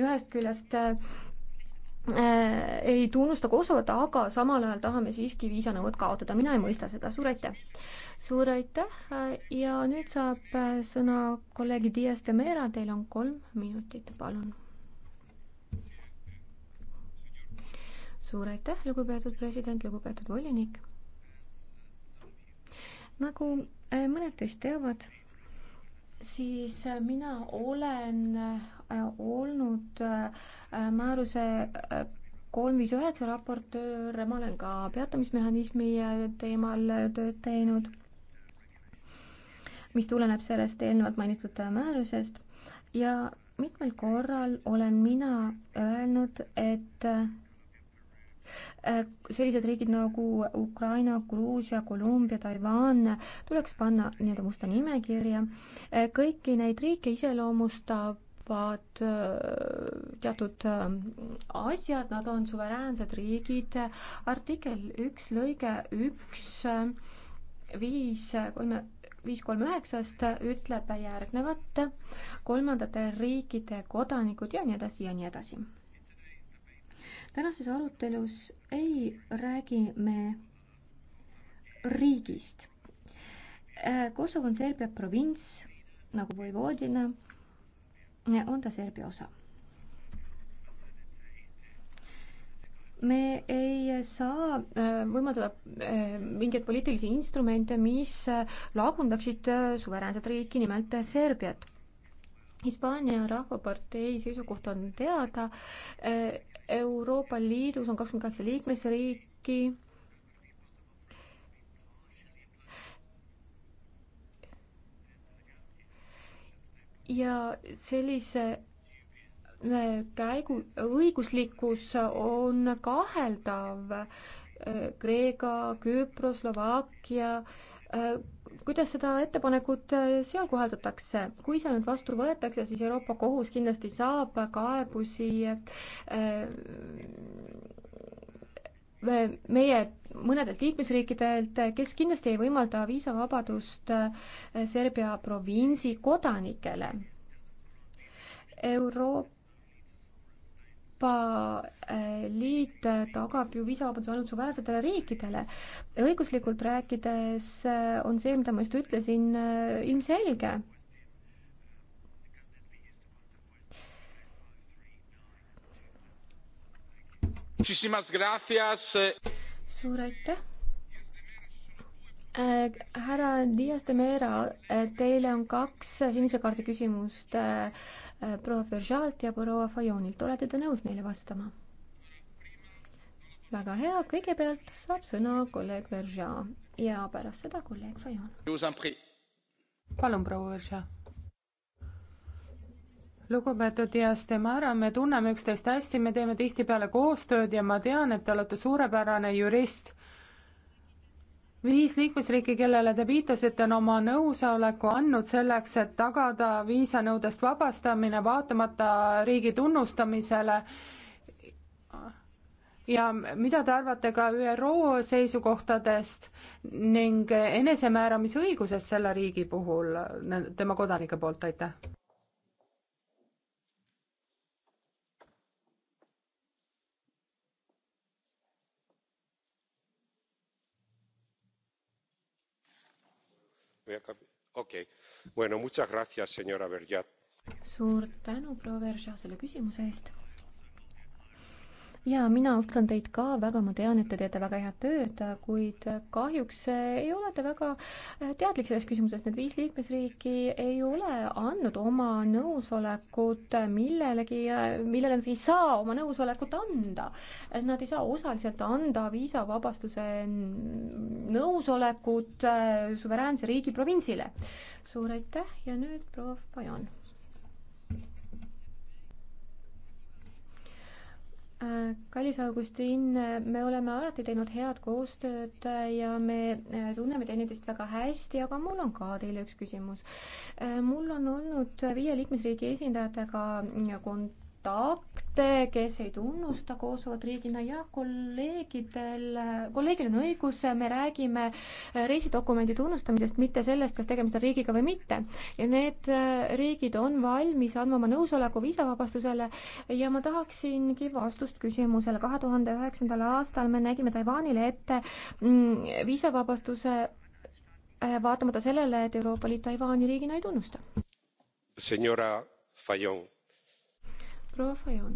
ühest küljest äh, äh, ei tunnusta Kosovot, aga samal ajal tahame siiski viisanõuet kaotada, mina ei mõista seda, suur aitäh! suur aitäh ja nüüd saab äh, sõna kolleeg Dias de Mera, teil on kolm minutit, palun. suur aitäh, lugupeetud president, lugupeetud volinik! nagu mõned teist teavad siis mina olen äh, olnud äh, määruse äh, kolm viis üheksa raportöör, ma olen ka peatamismehhanismi teemal tööd teinud, mis tuleneb sellest eelnevalt mainitud määrusest ja mitmel korral olen mina öelnud, et Äh, sellised riigid nagu Ukraina, Gruusia, Kolumbia, Taiwan tuleks panna nii-öelda musta nimekirja. Äh, kõiki neid riike iseloomustab teevad äh, teatud asjad, nad on suveräänsed riigid. artikkel üks lõige üks viis kolme viis kolm üheksast ütleb järgnevat, kolmandate riikide kodanikud ja nii edasi ja nii edasi tänases arutelus ei räägi me riigist. Äh, Kosovo on Serbia provints nagu Vojvodina, on ta Serbia osa. me ei saa äh, võimaldada äh, mingeid poliitilisi instrumente, mis lagundaksid suveräänset riiki, nimelt Serbiat. Hispaania Rahvapartei seisukoht on teada Euroopa Liidus on kakskümmend kaheksa liikmesriiki. ja sellise äh, käigu õiguslikkus on kaheldav äh, Kreeka, Küpros, Slovakkia äh, kuidas seda ettepanekut äh, seal kohaldatakse. kui see nüüd vastu võetakse, siis Euroopa Kohus kindlasti saab kaebusi äh, äh, meie mõnedelt liikmesriikidelt, kes kindlasti ei võimalda viisavabadust Serbia provintsi kodanikele. Euroopa Euroopa äh, Liit äh, tagab ju viisavabaduse ainult suveräänsetele riikidele. õiguslikult rääkides äh, on see, mida ma just ütlesin, ilmselge eh. suur aitäh! Äh, härra Dias de Mera, äh, teile on kaks sinise kaardi küsimust äh, proua Bergealt ja proua Fajonilt, olete te nõus neile vastama? väga hea, kõigepealt saab sõna kolleeg Bergea ja pärast seda kolleeg Fajon. palun, proua Bergea. lugupeetud Dias de Mera, me tunneme üksteist hästi, me teeme tihtipeale koostööd ja ma tean, et te olete suurepärane jurist viis liikmesriiki, kellele te viitasite, on oma nõusoleku andnud selleks, et tagada viisanõudest vabastamine vaatamata riigi tunnustamisele. ja mida te arvate ka ÜRO seisukohtadest ning enesemääramisõigusest selle riigi puhul tema kodanike poolt, aitäh? suur tänu proua veržea selle küsimuse eest! ja mina austan teid ka väga, ma tean, et te teete väga head tööd, kuid kahjuks ei ole te väga äh, teadlik selles küsimuses, need viis liikmesriiki ei ole andnud oma nõusolekut millelegi, äh, millele nad ei saa oma nõusolekut anda. Nad ei saa osaliselt anda viisavabastuse nõusolekut äh, suveräänse riigi provintsile. suur aitäh ja nüüd proua Fajon kallis Augustin, me oleme alati teinud head koostööd ja me äh, tunneme teineteist väga hästi, aga mul on ka teile üks küsimus. Äh, mul on olnud viie liikmesriigi esindajatega äh, kont-, kontakte, kes ei tunnusta Kosovot riigina ja kolleegidel, kolleegil on õigus, me räägime reisidokumendi tunnustamisest, mitte sellest, kas tegemist on riigiga või mitte. ja need riigid on valmis andma oma nõusoleku viisavabastusele ja ma tahaksingi vastust küsimusele. kahe tuhande üheksandal aastal me nägime Taiwanile ette mm, viisavabastuse äh, vaatamata sellele, et Euroopa Liit Taiwan'i riigina ei tunnusta. Senora Fajon proua Fajon.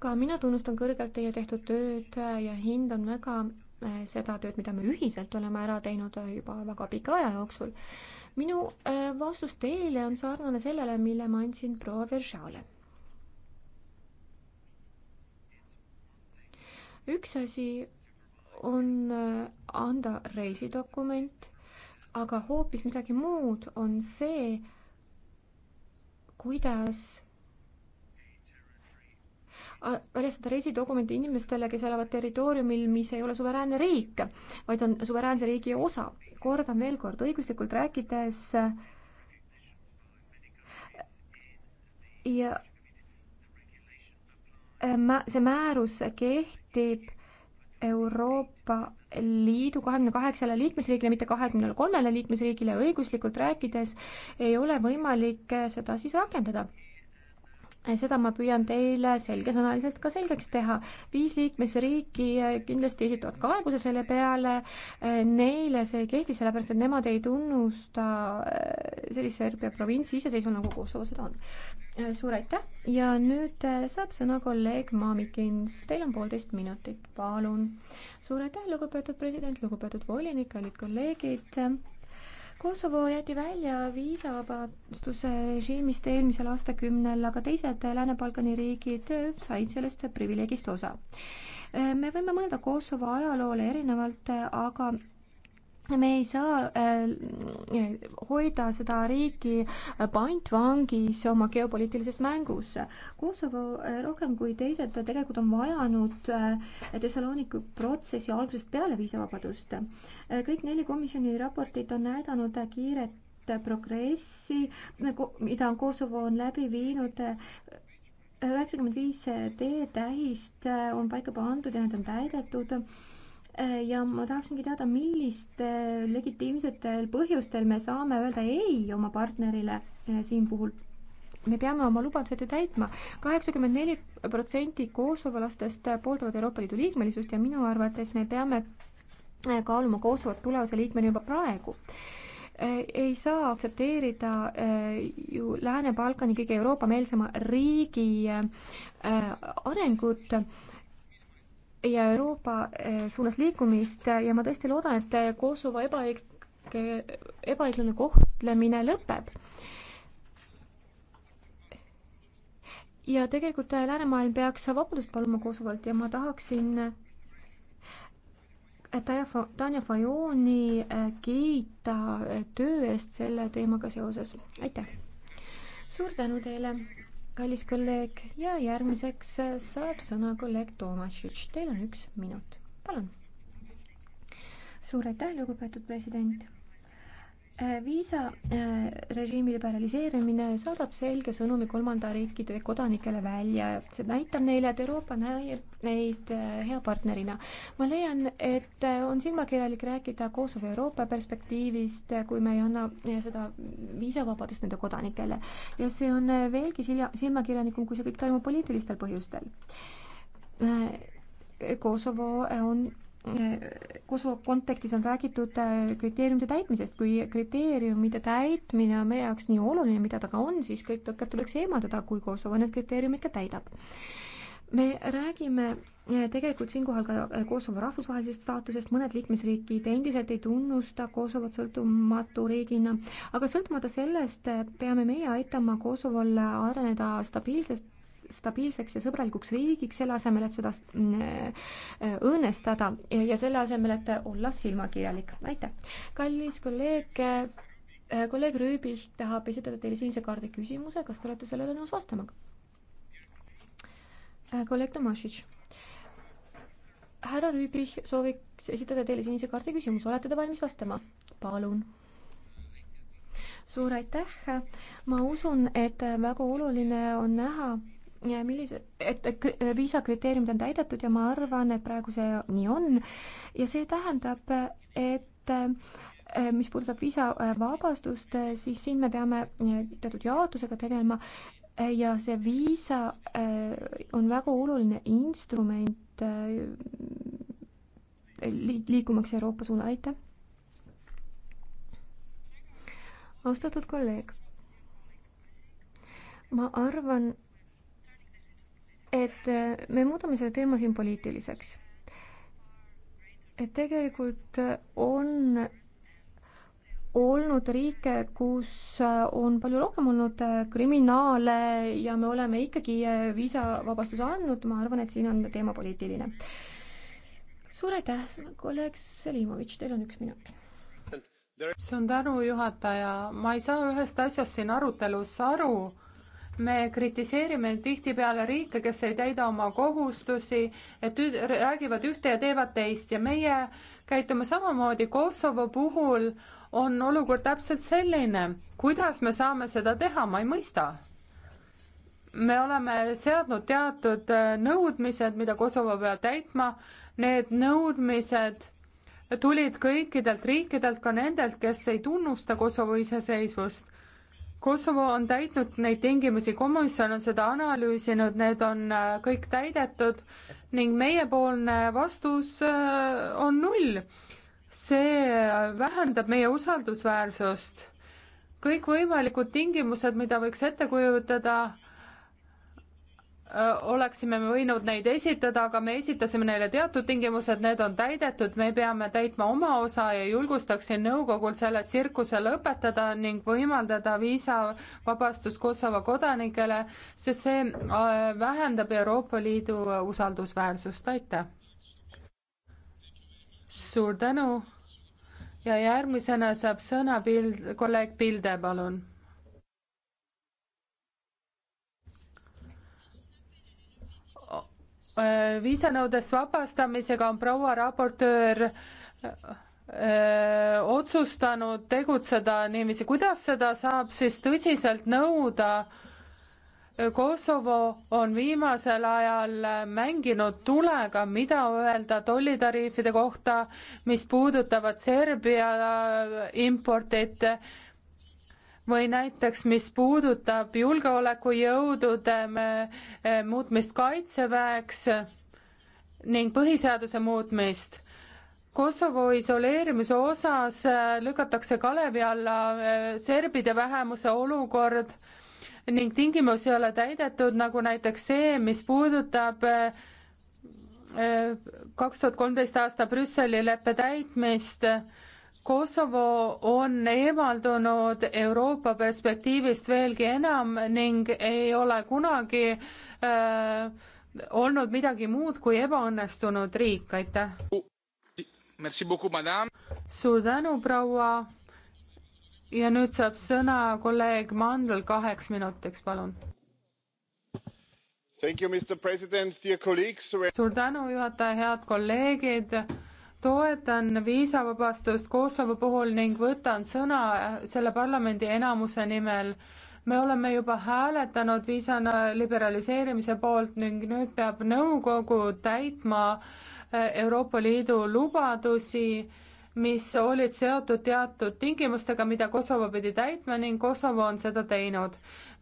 ka mina tunnustan kõrgelt teie tehtud tööd ja hindan väga äh, seda tööd, mida me ühiselt oleme ära teinud äh, juba väga pika aja jooksul. minu äh, vastus teile on sarnane sellele, mille ma andsin proua Veržale. üks asi on anda reisidokument aga hoopis midagi muud on see, kuidas väljastada reisidokumente inimestele, kes elavad territooriumil, mis ei ole suveräänne riik, vaid on suveräänse riigi osa. kordan veel kord, õiguslikult rääkides ja see määrus kehtib Euroopa Liidu kahekümne kaheksale liikmesriigile, mitte kahekümnele kolmele liikmesriigile õiguslikult rääkides ei ole võimalik seda siis rakendada seda ma püüan teile selgesõnaliselt ka selgeks teha. viis liikmesriiki eh, kindlasti esitavad kaebuse selle peale, eh, neile see ei kehti, sellepärast et nemad ei tunnusta eh, sellise Serbia provintsi iseseisvana, nagu Kosovo seda on. suur aitäh ja nüüd saab sõna kolleeg Mamikins, teil on poolteist minutit, palun. suur aitäh, lugupeetud president, lugupeetud volinik, kallid kolleegid Kosovo jäeti välja viisavabastuse režiimist eelmisel aastakümnel, aga teised Lääne-Balkani riigid said sellest privileegist osa. me võime mõelda Kosovo ajaloole erinevalt, aga me ei saa äh, hoida seda riiki pantvangis oma geopoliitilises mängus. Kosovo äh, rohkem kui teised tegelikult on vajanud äh, Thessaloniku protsessi algusest peale viisavabadust äh,. kõik neli komisjoni raportit on näidanud äh, kiiret äh, progressi, mida on Kosovo on läbi viinud äh, üheksakümmend viis D tähist äh, on paika pandud ja need on täidetud äh, Äh, ja ma tahaksingi teada, millistel legitiimsetel põhjustel me saame öelda ei oma partnerile äh, siin puhul. me peame oma lubadused ju täitma. kaheksakümmend neli protsenti kosovolastest pooldavad Euroopa Liidu liikmelisust ja minu arvates me peame äh, kaaluma Kosovot tulevase liikmena juba praegu ei saa aktsepteerida ju Lääne-Balkani kõige Euroopa-meelsema riigi arengut ja Euroopa eh, suunas liikumist ja ma tõesti loodan, et eh, Kosovo ebaõig-, ebaõiglane kohtlemine lõpeb. ja tegelikult eh, läänemaailm peaks vabadust paluma Kosovolt ja ma tahaksin Tanja Fajoni kiita töö eest selle teemaga seoses, aitäh! suur tänu teile! kallis kolleeg ja järgmiseks äh, saab sõna kolleeg Tomašitš, teil on üks minut, palun. suur aitäh, lugupeetud president Äh, viisarežiimi äh, liberaliseerimine saadab selge sõnumi kolmanda riikide kodanikele välja, see näitab neile, et Euroopa näeb neid äh, hea partnerina. ma leian, et on silmakirjalik rääkida Kosovo Euroopa perspektiivist, kui me ei anna seda viisavabadust nende kodanikele. ja see on veelgi silja, silmakirjanikum, kui see kõik toimub poliitilistel põhjustel. Kosovo on Kosovo kontekstis on räägitud äh, kriteeriumide täitmisest, kui kriteeriumide täitmine on meie jaoks nii oluline, mida ta ka on, siis kõik tõkked tuleks eemaldada, kui Kosovo need kriteeriumid ka täidab. me räägime äh, tegelikult siinkohal ka äh, Kosovo rahvusvahelisest staatusest, mõned liikmesriigid endiselt ei tunnusta Kosovot sõltumatu riigina, aga sõltumata sellest peame meie aitama Kosovol areneda stabiilsest stabiilseks ja sõbralikuks riigiks, selle asemel, et seda äh, õõnestada ja selle asemel, et olla silmakirjalik. aitäh! kallis kolleeg, äh, kolleeg Rüübich tahab esitada teile sinise kaardi küsimuse, kas te olete sellele nõus vastama? Äh, kolleeg Tomašitš härra Rüübich sooviks esitada teile sinise kaardi küsimuse, olete te valmis vastama? palun. suur aitäh, ma usun, et väga oluline on näha, millised, et viisakriteeriumid on täidetud ja ma arvan, et praegu see nii on ja see tähendab, et äh, mis puudutab viisavabastust, siis siin me peame äh, teatud jaotusega tegelema ja see viisa äh, on väga oluline instrument liikumaks Euroopa suunas, aitäh. austatud kolleeg, ma arvan, et äh, me muudame selle teema siin poliitiliseks. et tegelikult on olnud riike, kus äh, on palju rohkem olnud äh, kriminaale ja me oleme ikkagi viisavabastuse andnud, ma arvan, et siin on teema poliitiline. suur aitäh, kolleeg Selimovitš, teil on üks minut. suur tänu, juhataja, ma ei saa ühest asjast siin arutelus aru me kritiseerime tihtipeale riike, kes ei täida oma kohustusi, et räägivad ühte ja teevad teist ja meie käitume samamoodi. Kosovo puhul on olukord täpselt selline. kuidas me saame seda teha, ma ei mõista. me oleme seadnud teatud äh, nõudmised, mida Kosovo peab täitma. Need nõudmised tulid kõikidelt riikidelt, ka nendelt, kes ei tunnusta Kosovo iseseisvust Kosovo on täitnud neid tingimusi, komisjon on seda analüüsinud, need on äh, kõik täidetud ning meiepoolne vastus äh, on null. see äh, vähendab meie usaldusväärsust. kõikvõimalikud tingimused, mida võiks ette kujutada, oleksime me võinud neid esitada, aga me esitasime neile teatud tingimused, need on täidetud, me peame täitma oma osa ja julgustaksin nõukogul selle tsirkuse lõpetada ning võimaldada viisavabastus Kosovo kodanikele, sest see vähendab Euroopa Liidu usaldusväärsust, aitäh. suur tänu ja järgmisena saab sõna Pild, kolleeg Pilde, palun Äh, viisanõudest vabastamisega on proua raportöör öö, äh, otsustanud tegutseda niiviisi, kuidas seda saab siis tõsiselt nõuda? Kosovo on viimasel ajal mänginud tulega, mida öelda tollitariifide kohta, mis puudutavad Serbia importit või näiteks, mis puudutab julgeolekujõudude eh, muutmist kaitseväeks ning põhiseaduse muutmist. Kosovo isoleerimise osas eh, lükatakse kalevi alla eh, serbide vähemuse olukord ning tingimusi ei ole täidetud, nagu näiteks see, mis puudutab kaks tuhat kolmteist aasta Brüsseli leppe täitmist Kosovo on eemaldunud Euroopa perspektiivist veelgi enam ning ei ole kunagi äh, olnud midagi muud kui ebaõnnestunud riik, aitäh. suur tänu, proua. ja nüüd saab sõna kolleeg Mandl kaheks minutiks, palun. suur tänu, juhataja, head kolleegid toetan viisavabastust Kosovo puhul ning võtan sõna selle parlamendi enamuse nimel. me oleme juba hääletanud viisa liberaliseerimise poolt ning nüüd peab nõukogu täitma äh, Euroopa Liidu lubadusi, mis olid seotud teatud tingimustega, mida Kosovo pidi täitma ning Kosovo on seda teinud.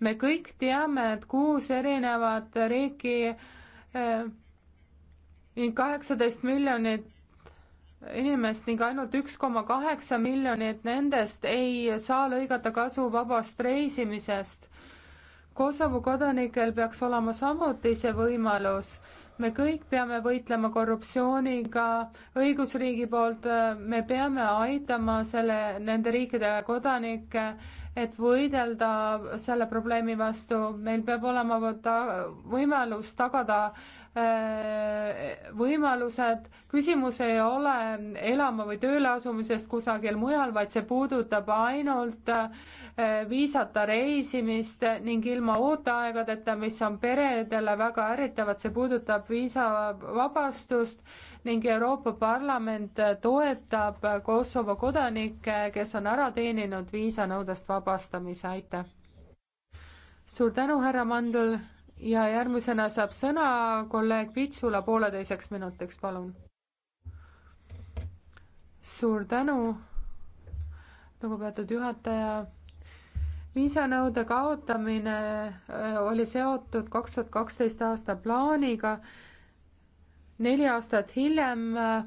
me kõik teame, et kuus erinevat riiki äh, ning kaheksateist miljonit inimest ning ainult üks koma kaheksa miljonit nendest ei saa lõigata kasu vabast reisimisest. Kosovo kodanikel peaks olema samuti see võimalus. me kõik peame võitlema korruptsiooniga õigusriigi poolt, me peame aitama selle, nende riikide kodanikke, et võidelda selle probleemi vastu, meil peab olema ta, võimalus tagada äh, võimalused. küsimus ei ole elama või tööle asumisest kusagil mujal, vaid see puudutab ainult viisata reisimist ning ilma ooteaegadeta, mis on peredele väga ärritavad, see puudutab viisavabastust ning Euroopa Parlament toetab Kosovo kodanikke, kes on ära teeninud viisanõudest vabastamise, aitäh! suur tänu, härra Mandl! ja järgmisena saab sõna kolleeg Pitsula pooleteiseks minutiks, palun. suur tänu, lugupeetud juhataja. viisanõude kaotamine äh, oli seotud kaks tuhat kaksteist aasta plaaniga. neli aastat hiljem äh,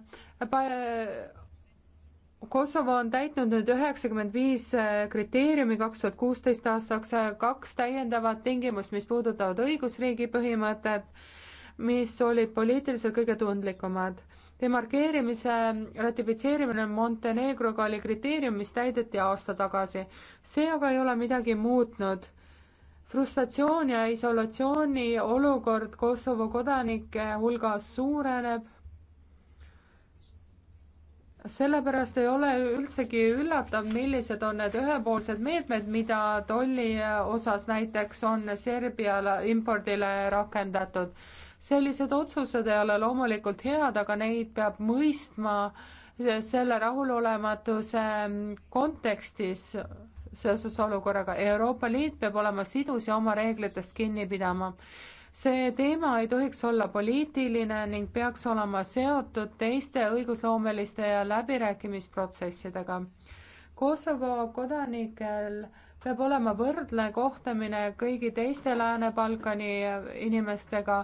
Kosovo on täitnud nüüd üheksakümmend viis äh, kriteeriumi kaks tuhat kuusteist aastaks, äh, kaks täiendavat tingimust, mis puudutavad õigusriigi põhimõtet, mis olid poliitiliselt kõige tundlikumad. demarkeerimise ratifitseerimine Montenegroga oli kriteerium, mis täideti aasta tagasi. see aga ei ole midagi muutnud. frustratsioon ja isolatsiooni olukord Kosovo kodanike hulgas suureneb sellepärast ei ole üldsegi üllatav, millised on need ühepoolsed meetmed, mida tolli osas näiteks on Serbiale impordile rakendatud. sellised otsused ei ole loomulikult head, aga neid peab mõistma selle rahulolematuse kontekstis seoses olukorraga. Euroopa Liit peab olema sidus ja oma reeglitest kinni pidama see teema ei tohiks olla poliitiline ning peaks olema seotud teiste õigusloomeliste ja läbirääkimisprotsessidega. Kosovo kodanikel peab olema võrdne kohtlemine kõigi teiste Lääne-Balkani inimestega.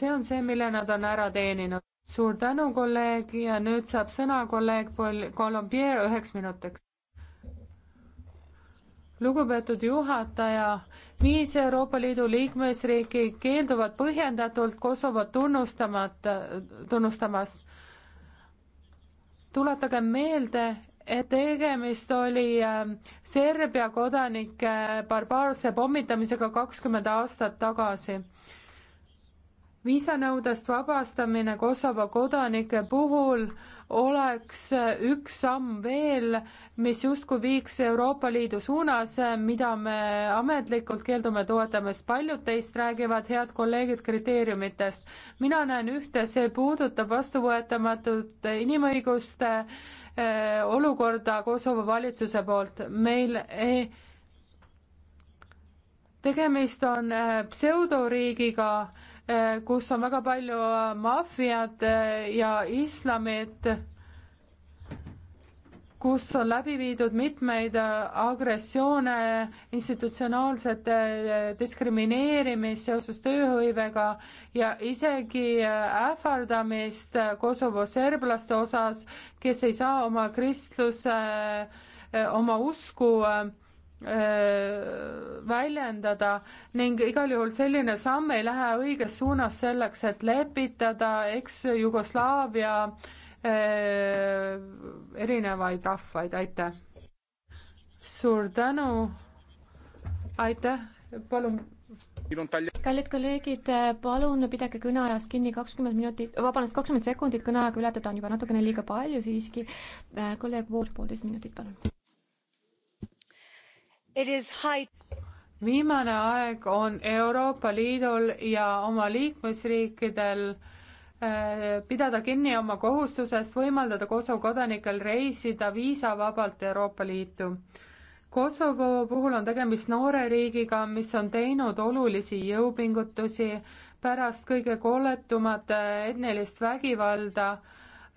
see on see, mille nad on ära teeninud. suur tänu, kolleeg ja nüüd saab sõna kolleeg Paul Colombier üheks minutiks. lugupeetud juhataja viis Euroopa Liidu liikmesriiki keelduvad põhjendatult Kosovot tunnustamata, tunnustamast. tuletage meelde, et tegemist oli ähm, Serbia kodanike barbaarse pommitamisega kakskümmend aastat tagasi viisanõudest vabastamine Kosovo kodanike puhul oleks üks samm veel, mis justkui viiks Euroopa Liidu suunas, mida me ametlikult keeldume toetamast. paljud teist räägivad, head kolleegid, kriteeriumitest. mina näen ühte, see puudutab vastuvõetamatut inimõiguste eh, olukorda Kosovo valitsuse poolt. meil ei tegemist on eh, pseudoriigiga, Äh, kus on väga palju äh, maffiat äh, ja islamit, kus on läbi viidud mitmeid agressioone, institutsionaalset diskrimineerimist seoses tööhõivega ja isegi ähvardamist Kosovo serblaste osas, kes ei saa oma kristluse, oma usku väljendada ning igal juhul selline samm ei lähe õiges suunas selleks, et lepitada eks-Jugoslaavia erinevaid rahvaid, aitäh. suur tänu, aitäh, palun. kallid kolleegid, palun pidage kõneajast kinni, kakskümmend minutit, vabandust, kakskümmend sekundit kõneaega ületada on juba natukene liiga palju siiski. kolleeg Voor, poolteist minutit, palun viimane aeg on Euroopa Liidul ja oma liikmesriikidel eh, pidada kinni oma kohustusest võimaldada Kosovo kodanikel reisida viisavabalt Euroopa Liitu. Kosovo puhul on tegemist noore riigiga, mis on teinud olulisi jõupingutusi pärast kõige koletumat etnilist vägivalda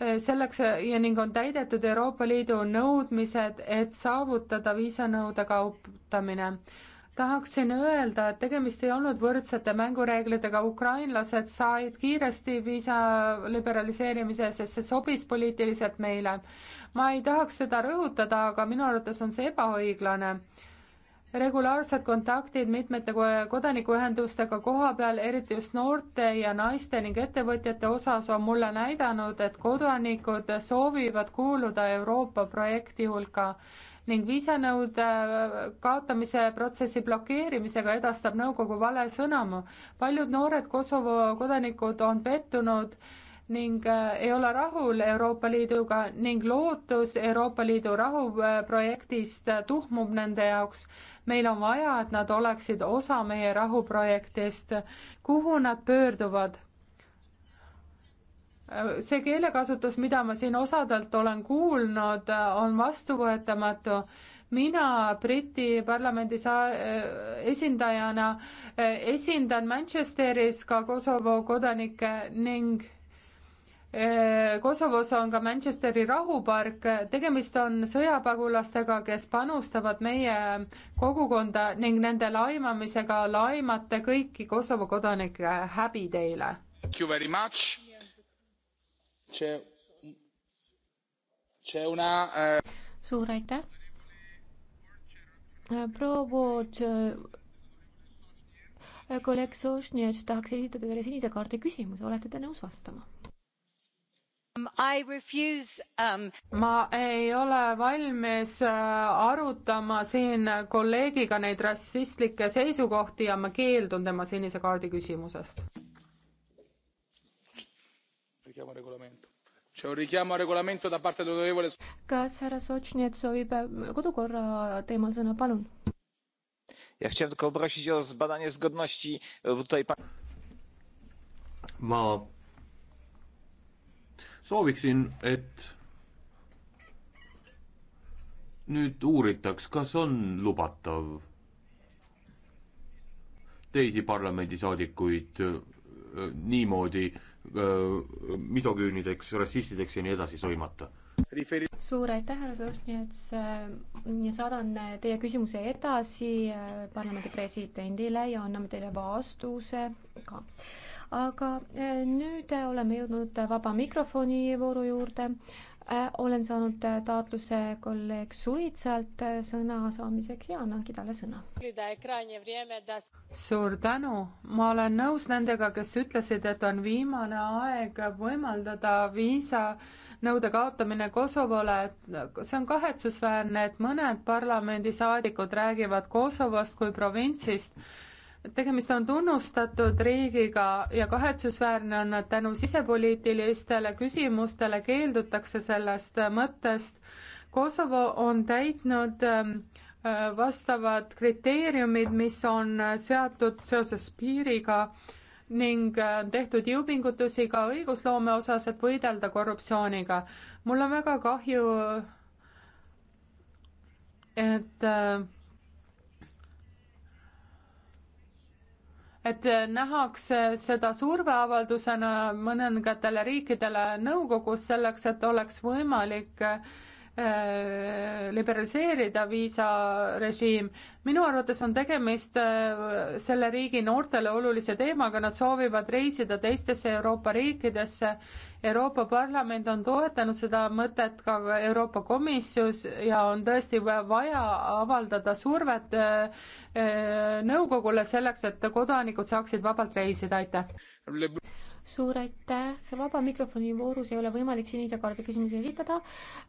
Äh, selleks äh, ja ning on täidetud Euroopa Liidu nõudmised, et saavutada viisanõude kaotamine. tahaksin öelda, et tegemist ei olnud võrdsete mängureeglitega, ukrainlased said kiiresti viisa liberaliseerimise, sest see sobis poliitiliselt meile. ma ei tahaks seda rõhutada, aga minu arvates on see ebaõiglane regulaarsed kontaktid mitmete kodanikuühendustega kohapeal, eriti just noorte ja naiste ning ettevõtjate osas, on mulle näidanud, et kodanikud soovivad kuuluda Euroopa projekti hulka ning viisanõude äh, kaotamise protsessi blokeerimisega edastab nõukogu vale sõnumi. paljud noored Kosovo kodanikud on pettunud ning äh, ei ole rahul Euroopa Liiduga ning lootus Euroopa Liidu rahuprojektist äh, tuhmub nende jaoks. meil on vaja, et nad oleksid osa meie rahuprojektist. kuhu nad pöörduvad? Äh, see keelekasutus, mida ma siin osadelt olen kuulnud, on vastuvõetamatu. mina Briti parlamendi saa-, esindajana esindan Manchesteris ka Kosovo kodanikke ning Äh, Kosovos on ka Manchesteri rahupark, tegemist on sõjapagulastega, kes panustavad meie kogukonda ning nende laimamisega laimate kõiki Kosovo kodanikke, häbi teile. Äh, suur aitäh. Äh, proua Vood, kolleeg Sošnjev tahaks esitada teile sinise kaardi küsimuse, olete te nõus vastama? Um, um, ma ei ole valmis äh, arutama siin kolleegiga neid rassistlikke seisukohti ja ma keeldun tema sinise kaardi küsimusest. kas härra Sotšnjev soovib äh, kodukorra teemal sõna, palun? E, ma sooviksin, et nüüd uuritaks, kas on lubatav teisi parlamendisaadikuid äh, niimoodi äh, misoküünideks, rassistideks ja nii edasi sõimata suur aitäh, härra Sošnjets. saadan teie küsimuse edasi äh, parlamendi presidendile ja anname teile vastuse ka aga äh, nüüd äh, oleme jõudnud äh, vaba mikrofoni vooru juurde. olen saanud taotluse kolleeg Suitsalt sõna saamiseks ja annangi talle sõna. suur tänu, ma olen nõus nendega, kes ütlesid, et on viimane aeg võimaldada viisa nõude kaotamine Kosovole, et see on kahetsusväärne, et mõned parlamendisaadikud räägivad Kosovost kui provintsist tegemist on tunnustatud riigiga ja kahetsusväärne on, et tänu sisepoliitilistele küsimustele keeldutakse sellest mõttest. Kosovo on täitnud ähm, äh, vastavad kriteeriumid, mis on seatud seoses piiriga ning äh, on tehtud jõupingutusi ka õigusloome osas, et võidelda korruptsiooniga. mul on väga kahju, et äh, et nähakse seda surveavaldusena mõningatele riikidele nõukogus selleks, et oleks võimalik äh, Äh, liberaliseerida viisarežiim. minu arvates on tegemist äh, selle riigi noortele olulise teemaga, nad soovivad reisida teistesse Euroopa riikidesse. Euroopa Parlament on toetanud seda mõtet ka Euroopa Komisjonis ja on tõesti vaja avaldada survet äh, nõukogule selleks, et kodanikud saaksid vabalt reisida, aitäh suur aitäh, vaba mikrofoni voorus ei ole võimalik sinise kaardi küsimusi esitada.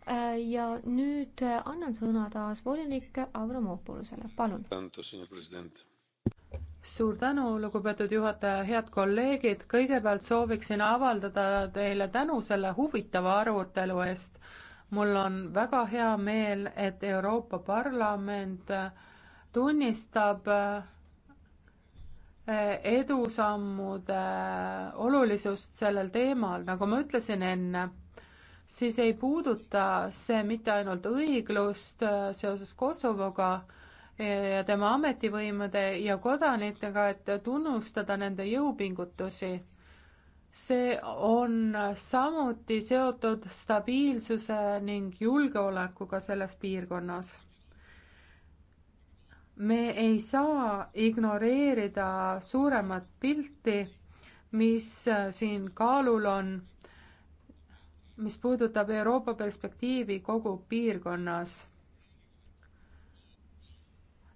Äh, ja nüüd äh, annan sõna taas volinik Avramopoulosele, palun. suur tänu, lugupeetud juhataja, head kolleegid, kõigepealt sooviksin avaldada teile tänu selle huvitava arutelu eest. mul on väga hea meel, et Euroopa Parlament tunnistab äh, edusammude olulisust sellel teemal, nagu ma ütlesin enne, siis ei puuduta see mitte ainult õiglust äh, seoses Kosovoga äh, ja tema ametivõimude ja kodanikega, et tunnustada nende jõupingutusi. see on samuti seotud stabiilsuse ning julgeolekuga selles piirkonnas me ei saa ignoreerida suuremat pilti, mis äh, siin kaalul on, mis puudutab Euroopa perspektiivi kogu piirkonnas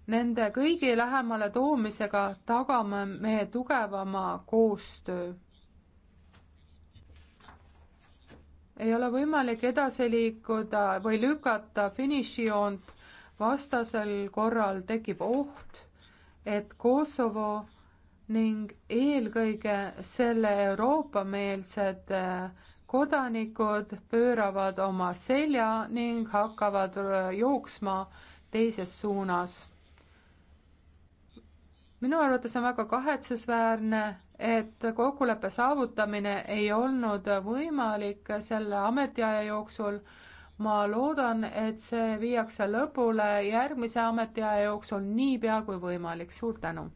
Nende kõigi lähemale toomisega tagame me tugevama koostöö. ei ole võimalik edasi liikuda või lükata finišijoont vastasel korral tekib oht, et Kosovo ning eelkõige selle Euroopa-meelsed äh, kodanikud pööravad oma selja ning hakkavad äh, jooksma teises suunas. minu arvates on väga kahetsusväärne, et kokkuleppe saavutamine ei olnud võimalik selle ametiaja jooksul ma loodan, et see viiakse lõpule järgmise ametiaja jooksul niipea kui võimalik, suur tänu.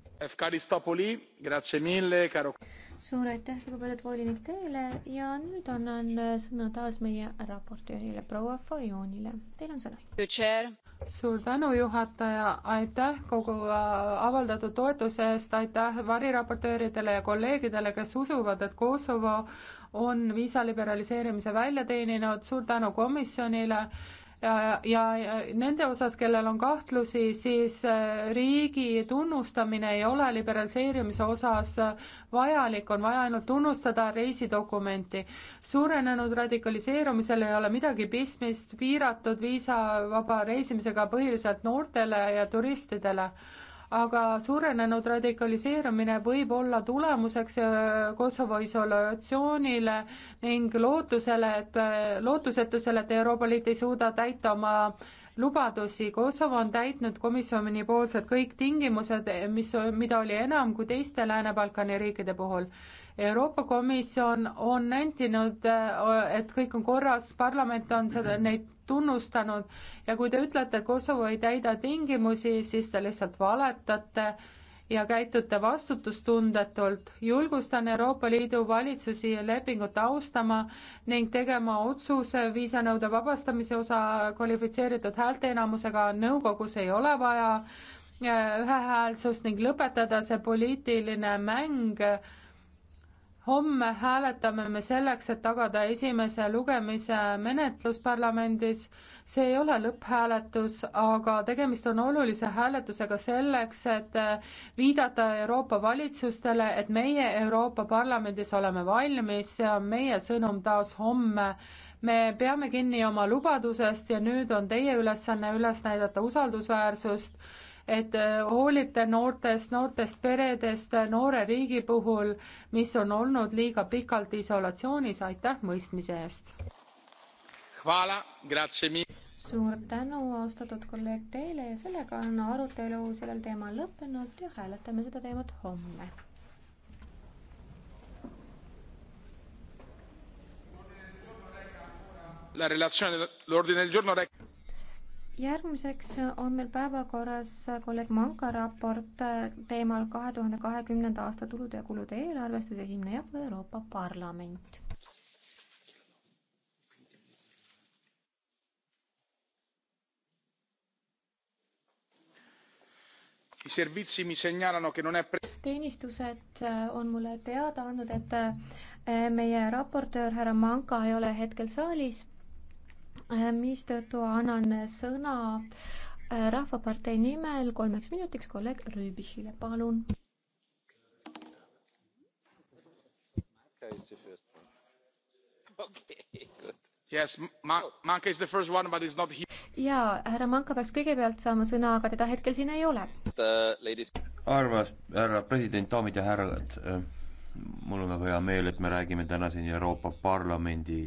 suur aitäh, lugupeetud volinik teile ja nüüd annan sõna taas meie raportöörile proua Fajonile, teil on sõna. suur tänu, juhataja, aitäh kogu äh, avaldatud toetuse eest, aitäh variraportööridele ja kolleegidele, kes usuvad, et Kosovo on viisa liberaliseerimise välja teeninud, suur tänu komisjonile ja, ja nende osas, kellel on kahtlusi, siis äh, riigi tunnustamine ei ole liberaliseerimise osas äh, vajalik, on vaja ainult tunnustada reisidokumenti. suurenenud radikaliseerumisel ei ole midagi pistmist piiratud viisavaba reisimisega põhiliselt noortele ja turistidele aga suurenenud radikaliseerumine võib olla tulemuseks äh, Kosovo isolatsioonile ning lootusele, et, äh, lootusetusele, et Euroopa Liit ei suuda täita oma lubadusi. Kosovo on täitnud komisjoni poolsed kõik tingimused, mis, mida oli enam kui teiste Lääne-Balkani riikide puhul. Euroopa Komisjon on nentinud, äh, et kõik on korras, parlament on seda, neid tunnustanud ja kui te ütlete, et Kosovo ei täida tingimusi, siis te lihtsalt valetate ja käitute vastutustundetult. julgustan Euroopa Liidu valitsusi lepingut austama ning tegema otsuse viisanõude vabastamise osa kvalifitseeritud häälteenamusega nõukogus ei ole vaja äh, ühehäälsust ning lõpetada see poliitiline mäng homme hääletame me selleks, et tagada esimese lugemise menetlus parlamendis. see ei ole lõpphääletus, aga tegemist on olulise hääletusega selleks, et viidata Euroopa valitsustele, et meie Euroopa Parlamendis oleme valmis, see on meie sõnum taas homme me peame kinni oma lubadusest ja nüüd on teie ülesanne üles näidata usaldusväärsust et äh, hoolite noortest, noortest peredest äh, noore riigi puhul, mis on olnud liiga pikalt isolatsioonis, aitäh mõistmise eest! suur tänu, austatud kolleeg teile ja sellega on arutelu sellel teemal lõppenud ja hääletame seda teemat homme. La relazione dell'ordine del giorno reca järgmiseks on meil päevakorras kolleeg Manka raport äh, teemal kahe tuhande kahekümnenda aasta tulude ja kulude eelarvestus, esimene jagu Euroopa Parlament. teenistused äh, on mulle teada andnud, et äh, meie raportöör härra Manka ei ole hetkel saalis Äh, mistõttu annan sõna äh, Rahvapartei nimel kolmeks minutiks kolleeg Rüübichile, palun. jaa, härra Manka peaks kõigepealt saama sõna, aga teda hetkel siin ei ole. armas härra president, daamid ja härrad, äh, mul on väga hea meel, et me räägime täna siin Euroopa Parlamendi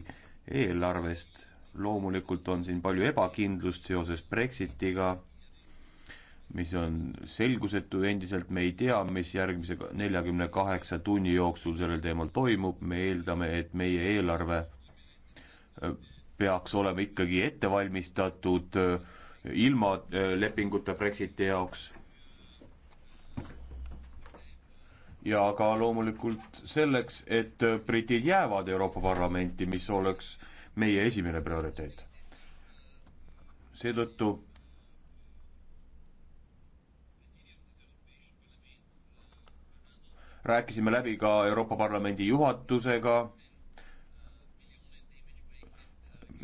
eelarvest loomulikult on siin palju ebakindlust seoses Brexitiga, mis on selgusetu endiselt, me ei tea, mis järgmise neljakümne kaheksa tunni jooksul sellel teemal toimub, me eeldame, et meie eelarve äh, peaks olema ikkagi ette valmistatud äh, ilma äh, lepinguta Brexiti jaoks. ja ka loomulikult selleks, et britid jäävad Euroopa Parlamenti, mis oleks äh, meie esimene prioriteet. seetõttu rääkisime läbi ka Euroopa Parlamendi juhatusega,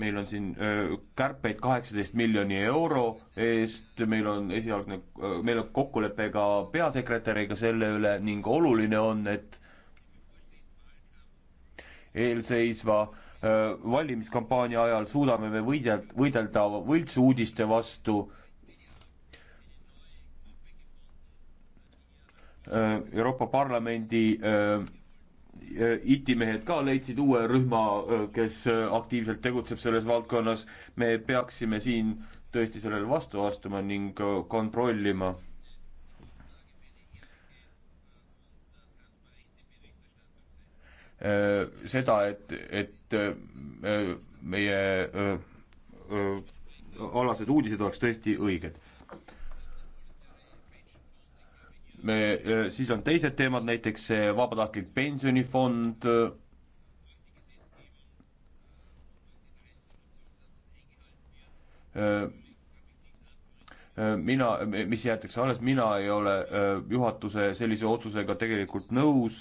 meil on siin kärpeid kaheksateist miljoni euro eest, meil on esialgne, meil on kokkulepe ka peasekretäriga selle üle ning oluline on, et eelseisva Äh, valimiskampaania ajal suudame me võidelt, võidelda võltsuudiste vastu. Äh, Euroopa Parlamendi äh, itimehed ka leidsid uue rühma, kes aktiivselt tegutseb selles valdkonnas. me peaksime siin tõesti sellele vastu astuma ning kontrollima Äh, seda, et, et äh, meie äh, alased uudised oleks tõesti õiged. me, siis on teised teemad, näiteks see vabatahtlik pensionifond, mina, mis jäetakse alles, mina ei ole juhatuse sellise otsusega tegelikult nõus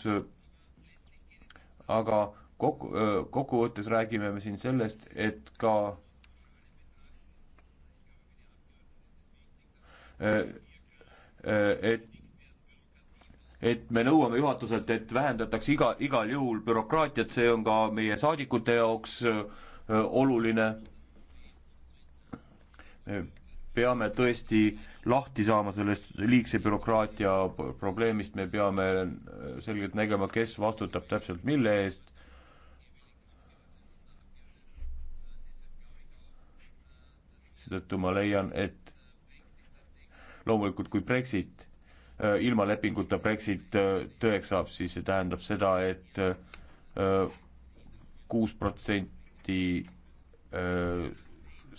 aga kokku, kokkuvõttes räägime me siin sellest, et ka et et me nõuame juhatuselt, et vähendataks iga, igal juhul bürokraatiat, see on ka meie saadikute jaoks oluline. peame tõesti äh, lahti saama sellest liigse bürokraatia probleemist, me peame äh, selgelt nägema, kes vastutab täpselt mille eest. seetõttu ma leian, et loomulikult, kui Brexit, äh, ilma lepinguta Brexit äh, tõeks saab, siis see tähendab seda et, et kuus protsenti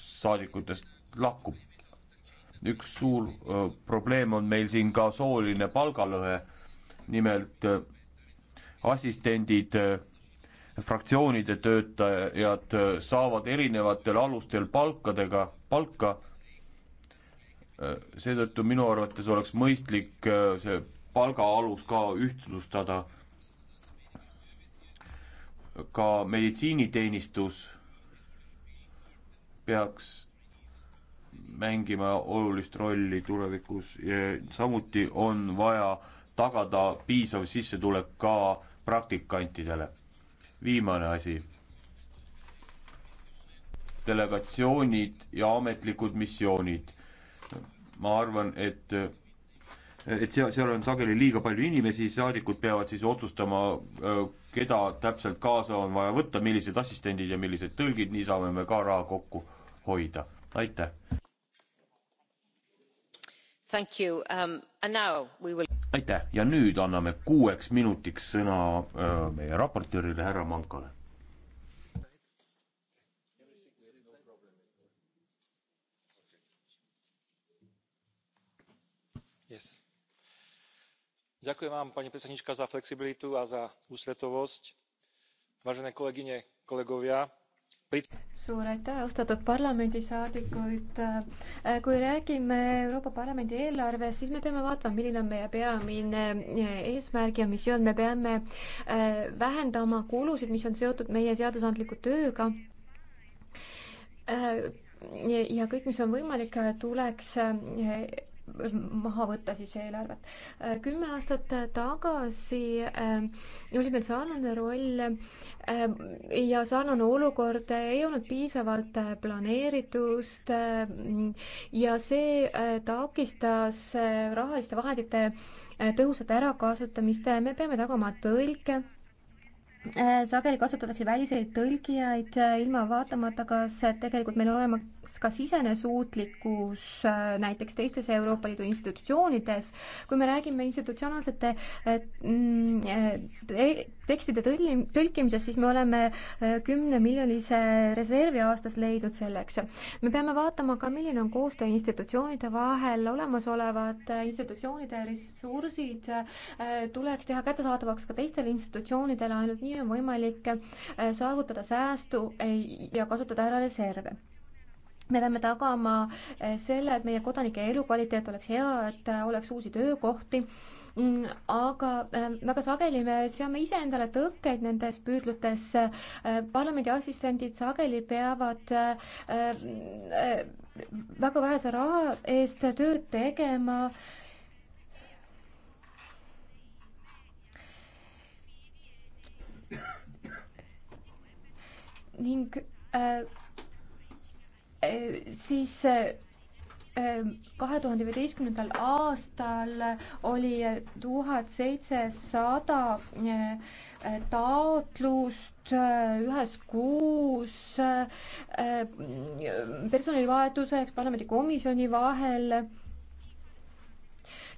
saadikutest lahkub üks suur öö, probleem on meil siin ka sooline palgalõhe. nimelt öö, assistendid, fraktsioonide töötajad öö, saavad erinevatel alustel palkadega, palka. seetõttu minu arvates oleks mõistlik see palgaalus ka ühtlustada. ka meditsiiniteenistus peaks mängima olulist rolli tulevikus, samuti on vaja tagada piisav sissetulek ka praktikantidele. viimane asi. delegatsioonid ja ametlikud missioonid. ma arvan, et et seal, seal on sageli liiga palju inimesi, saadikud peavad siis otsustama, keda täpselt kaasa on vaja võtta, millised assistendid ja millised tõlgid, nii saame me ka raha kokku hoida. aitäh! Um, will... aitäh ja nüüd anname kuueks minutiks sõna öö, äh, meie raportöörile härra Mankale. Yes. Ďakujem vám, pani predsedníčka, za flexibilitu a za ústretovosť. Vážené kolegyne, kolegovia, suur aitäh, austatud parlamendisaadikud. Äh, kui räägime Euroopa Parlamendi eelarvest, siis me peame vaatama, milline on meie peamine äh, eesmärk ja missioon. me peame äh, vähendama kulusid, mis on seotud meie seadusandliku tööga ja kõik, mis on võimalik, tuleks maha võtta siis eelarvet. Äh, kümme aastat tagasi äh, oli meil sarnane roll äh, ja sarnane olukord, ei olnud piisavalt planeeritust ja see takistas rahaliste vahendite tõhusat ärakasutamist, me peame tagama tõlke Äh, sageli kasutatakse väliseid tõlgijaid äh, ilma vaatamata, kas äh, tegelikult meil on olemas ka sisene suutlikkus näiteks teistes Euroopa Liidu institutsioonides. kui me räägime institutsionaalsete mm, tekstide tõl-, tõlkimisest, siis me oleme kümnemiljonilise reservi aastas leidnud selleks. me peame vaatama ka, milline on koostöö institutsioonide vahel, olemasolevad institutsioonide ressursid tuleks teha kättesaadavaks ka teistele institutsioonidele, ainult nii nii on võimalik äh, saavutada säästu äh, ja kasutada ära reserve me peame tagama äh, selle, et meie kodanike elukvaliteet oleks hea, et oleks uusi töökohti mm, aga väga sageli me seame iseendale tõkkeid nendes püüdlutes. parlamendi assistendid sageli peavad väga vähese raha eest tööd tegema ning äh, äh siis äh, äh, kahe tuhande üheteistkümnendal aastal oli tuhat seitsesada taotlust ühes kuus personalivahetuseks parlamendikomisjoni vahel.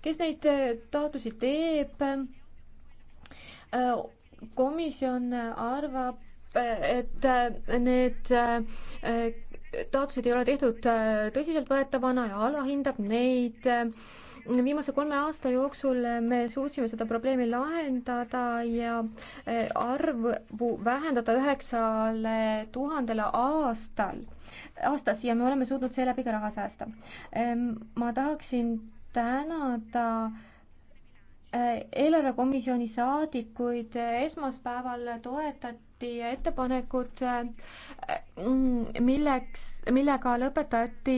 kes neid taotlusi teeb? komisjon arvab, et äh, need äh, taotlused ei ole tehtud äh, tõsiseltvõetavana ja alahindab neid. viimase kolme aasta jooksul me suutsime seda probleemi lahendada ja arvu vähendada üheksale tuhandele aastal, aastas ja me oleme suutnud seeläbi ka raha säästa. Ähm, ma tahaksin tänada eelarvekomisjoni saadikuid, esmaspäeval toetati tehti ettepanekud, äh, milleks, millega lõpetati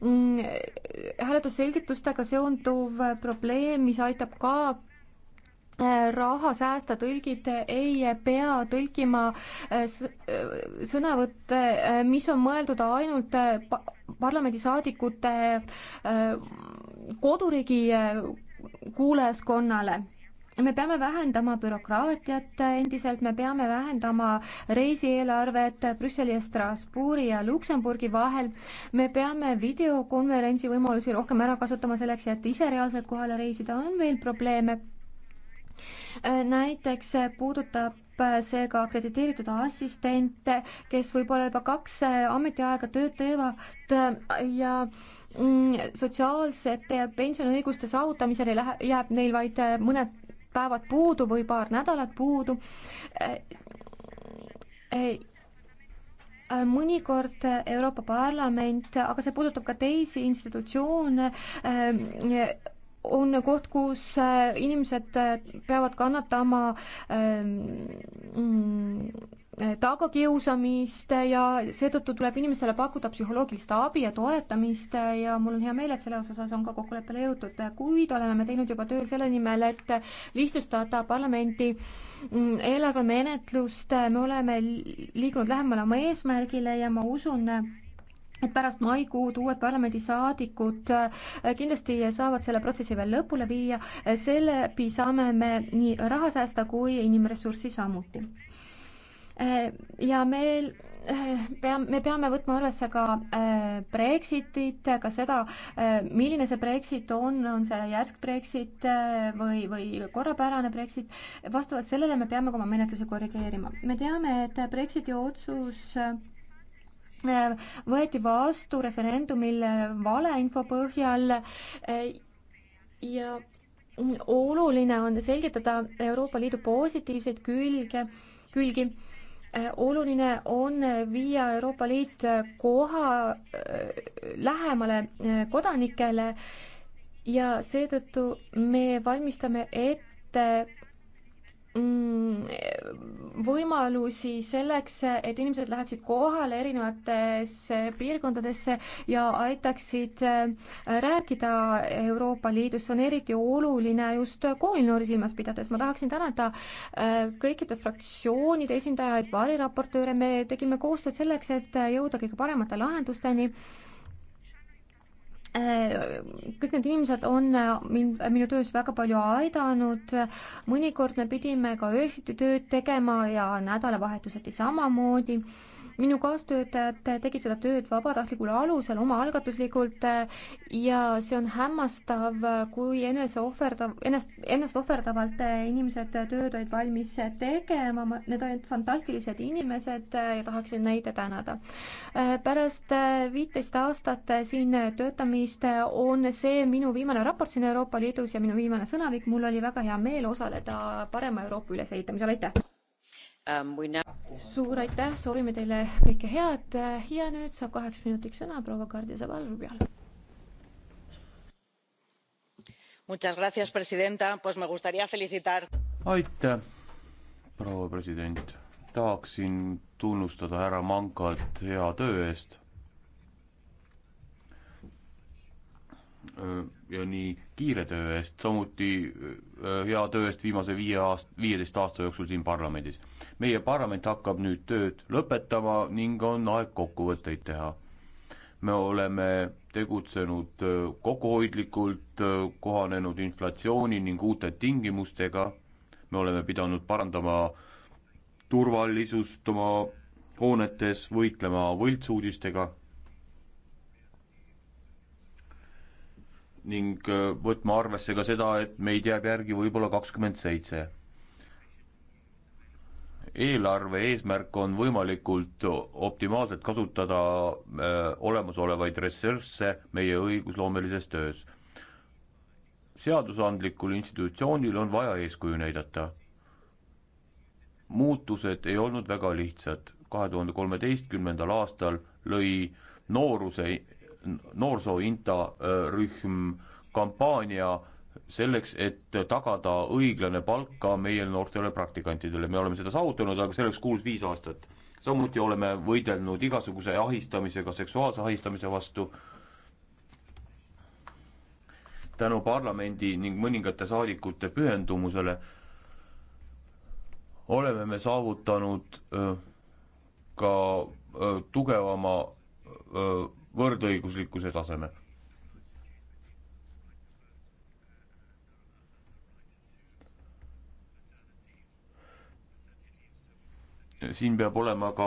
mm, hääletusselgitustega seonduv probleem, mis aitab ka äh, raha säästa, tõlgid ei pea tõlkima äh, sõnavõtte, mis on mõeldud ainult parlamendisaadikute koduriigi kuulajaskonnale me peame vähendama bürokraatiat endiselt, me peame vähendama reisieelarvet Brüsseli ja Strasbourgi ja Luksemburgi vahel, me peame videokonverentsi võimalusi rohkem ära kasutama selleks, et ise reaalselt kohale reisida, on veel probleeme. näiteks puudutab see ka akrediteeritud assistente, kes võib-olla juba kaks ametiaega tööd teevad ja mm, sotsiaalsete pensioniõiguste saavutamiseni läheb, jääb neil vaid mõned päevad puudu või paar nädalat puudu. mõnikord Euroopa Parlament, aga see puudutab ka teisi institutsioone, on koht, kus inimesed peavad kannatama mm, Eh, tagakiusamist ja seetõttu tuleb inimestele pakkuda psühholoogilist abi ja toetamist ja mul on hea meel, et selles osas on ka kokkuleppele jõutud, kuid oleme me teinud juba tööd selle nimel, et lihtsustada parlamendi mm, eelarvemenetlust, me oleme liikunud lähemale oma eesmärgile ja ma usun, et pärast maikuud uued parlamendisaadikud eh, kindlasti saavad selle protsessi veel lõpule viia, seeläbi saame me nii raha säästa kui inimressurssi samuti Äh, ja meil äh, pea, me peame võtma arvesse ka äh, Brexitit, ka seda, milline see Brexit on, on see järsk Brexit või, või korrapärane Brexit, vastavalt sellele me peame ka oma menetlusi korrigeerima. me teame, et Brexiti otsus võeti vastu referendumil valeinfo põhjal ja oluline on selgitada Euroopa Liidu positiivseid külge, külgi Äh, oluline on äh, viia Euroopa Liit äh, koha lähemale kodanikele ja seetõttu me valmistame ette Mm, võimalusi selleks, et inimesed läheksid kohale erinevatesse piirkondadesse ja aitaksid äh, rääkida Euroopa Liidus, see on eriti oluline just koolinoori silmas pidades. ma tahaksin tänada äh, kõikide fraktsioonide esindajaid, variraportööre, me tegime koostööd selleks, et jõuda kõige paremate lahendusteni Äh, kõik need inimesed on äh, mind, minu töös väga palju aidanud, mõnikord me pidime ka öösiti tööd tegema ja nädalavahetuseti samamoodi minu kaastöötajad tegid seda tööd vabatahtlikul alusel, omaalgatuslikult ja see on hämmastav, kui eneseohverdav, ennast, ennast ohverdavalt inimesed tööd olid valmis tegema, need olid fantastilised inimesed ja tahaksin neid tänada. pärast viiteist aastat siin töötamist on see minu viimane raport siin Euroopa Liidus ja minu viimane sõnavik, mul oli väga hea meel osaleda parema Euroopa ülesehitamisel, aitäh! Um, suur aitäh, soovime teile kõike head ja nüüd saab kaheks minutiks sõna proua Kardia Zabal-Rubial. aitäh, proua president. tahaksin tunnustada härra Mankat hea töö eest äh, ja nii kiire töö eest, samuti äh, hea töö eest viimase viie aast-, viieteist aasta jooksul siin parlamendis. meie parlament hakkab nüüd tööd lõpetama ning on aeg kokkuvõtteid teha. me oleme tegutsenud äh, kokkuhoidlikult, äh, kohanenud inflatsiooni ning uute tingimustega, me oleme pidanud parandama turvalisust oma hoonetes, võitlema võltsuudistega ning äh, võtma arvesse ka seda, et meid jääb järgi võib-olla kakskümmend seitse. eelarve eesmärk on võimalikult optimaalselt kasutada äh, olemasolevaid ressursse meie õigusloomelises töös. seadusandlikul institutsioonil on vaja eeskuju näidata. muutused ei olnud väga lihtsad, kahe tuhande kolmeteistkümnendal aastal lõi nooruse noorsoo INTA äh, rühm kampaania selleks, et tagada õiglane palk ka meie noortele praktikantidele, me oleme seda saavutanud, aga selleks kuulus viis aastat. samuti oleme võidelnud igasuguse ahistamisega, seksuaalse ahistamise vastu, tänu parlamendi ning mõningate saadikute pühendumusele oleme me saavutanud öö, äh, ka öö, äh, tugevama öö, võrdõiguslikkuse taseme. siin peab olema ka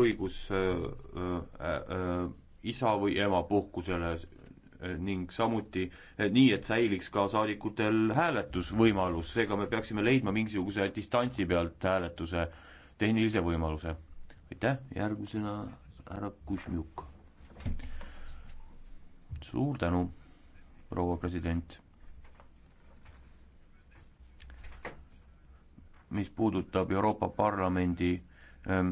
õigus äh, äh, äh isa või ema puhkusele ning samuti äh, nii, et säiliks ka saadikutel hääletusvõimalus, seega me peaksime leidma mingisuguse distantsi pealt hääletuse tehnilise võimaluse. aitäh, järgmisena härra Kusmjuk suur tänu, proua president. mis puudutab Euroopa Parlamendi ähm,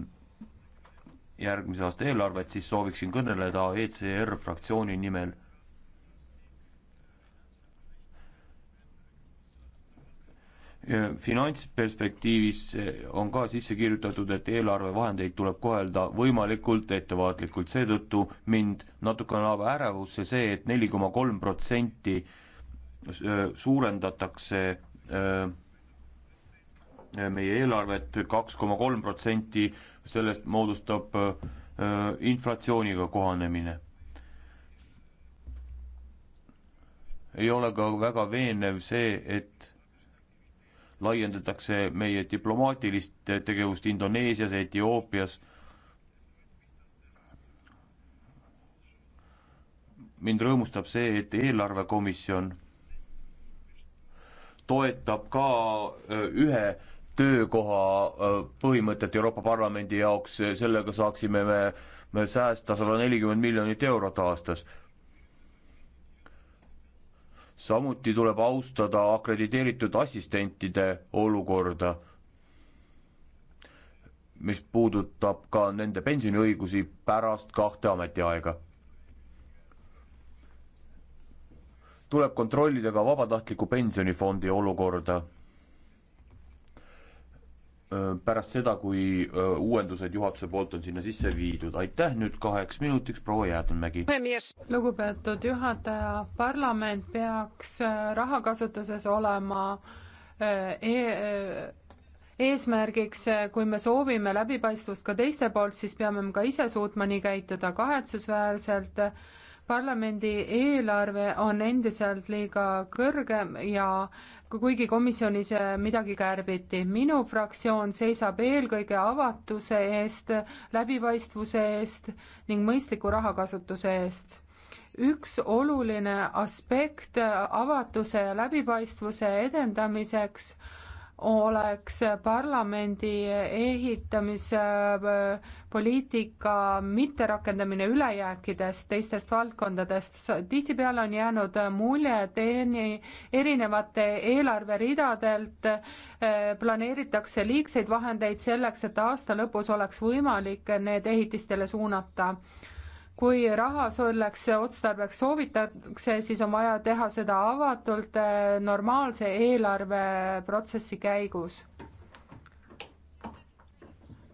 järgmise aasta eelarvet, siis sooviksin kõneleda ECR fraktsiooni nimel finantsperspektiivis eh, on ka sisse kirjutatud, et eelarvevahendeid tuleb kohelda võimalikult ettevaatlikult, seetõttu mind natukene ajab ärevusse see et, et neli koma kolm protsenti eh, suurendatakse eh, meie eelarvet, kaks koma kolm protsenti sellest moodustab inflatsiooniga kohanemine. ei ole ka väga veenev see, et laiendatakse meie diplomaatilist tegevust Indoneesias, Etioopias. mind rõõmustab see, et eelarvekomisjon toetab ka äh, ühe töökoha äh, põhimõtet Euroopa Parlamendi jaoks, sellega saaksime me, me säästa sada nelikümmend miljonit eurot aastas samuti tuleb austada akrediteeritud assistentide olukorda, mis puudutab ka nende pensioniõigusi pärast kahte ametiaega. tuleb kontrollida ka vabatahtliku pensionifondi olukorda Äh, pärast seda, kui äh, uuendused juhatuse poolt on sinna sisse viidud. aitäh, nüüd kaheks minutiks proua Jäätemägi. lugupeetud juhataja, parlament peaks äh, rahakasutuses olema e eesmärgiks, kui me soovime läbipaistvust ka teiste poolt, siis peame me ka ise suutma nii käituda kahetsusväärselt. parlamendi eelarve on endiselt liiga kõrge ja kuigi komisjonis äh, midagi kärbiti. minu fraktsioon seisab eelkõige avatuse eest, läbipaistvuse eest ning mõistliku rahakasutuse eest. üks oluline aspekt äh, avatuse ja läbipaistvuse edendamiseks oleks parlamendi ehitamise poliitika mitterakendamine ülejääkidest teistest valdkondadest. tihtipeale on jäänud mulje, et erinevate eelarveridadelt eh, planeeritakse liigseid vahendeid selleks, et aasta lõpus oleks võimalik need ehitistele suunata kui raha selleks otstarbeks soovitakse, siis on vaja teha seda avatult eh, normaalse eelarveprotsessi käigus.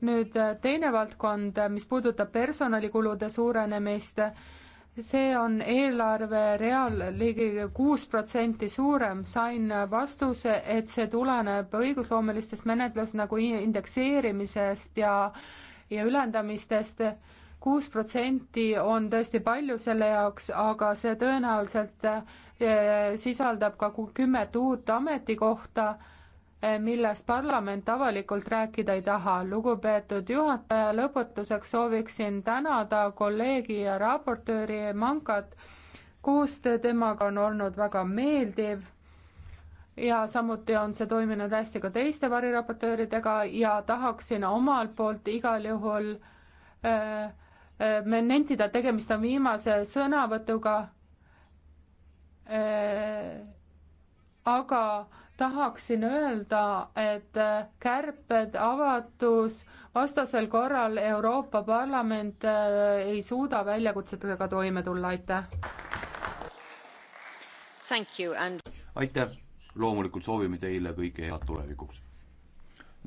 nüüd eh, teine valdkond, eh, mis puudutab personalikulude suurenemist, see on eelarve real ligi kuus protsenti suurem, sain vastuse, et see tuleneb õigusloomelistest menetlus- nagu indekseerimisest ja ja ülendamistest kuus protsenti on tõesti palju selle jaoks, aga see tõenäoliselt eh, sisaldab ka kümmet uut ametikohta, eh, millest parlament avalikult rääkida ei taha. lugupeetud juhataja, lõpetuseks sooviksin tänada kolleegi ja raportööri Mankat. koostöö temaga on olnud väga meeldiv ja samuti on see toiminud hästi ka teiste variraportööridega ja tahaksin omalt poolt igal juhul äh, Äh, me nentida, et tegemist on viimase sõnavõtuga. Äh, aga tahaksin öelda, et äh, kärped, avatus, vastasel korral Euroopa Parlament ei suuda väljakutsetega toime tulla, aitäh. And... aitäh, loomulikult soovime teile kõike head tulevikuks.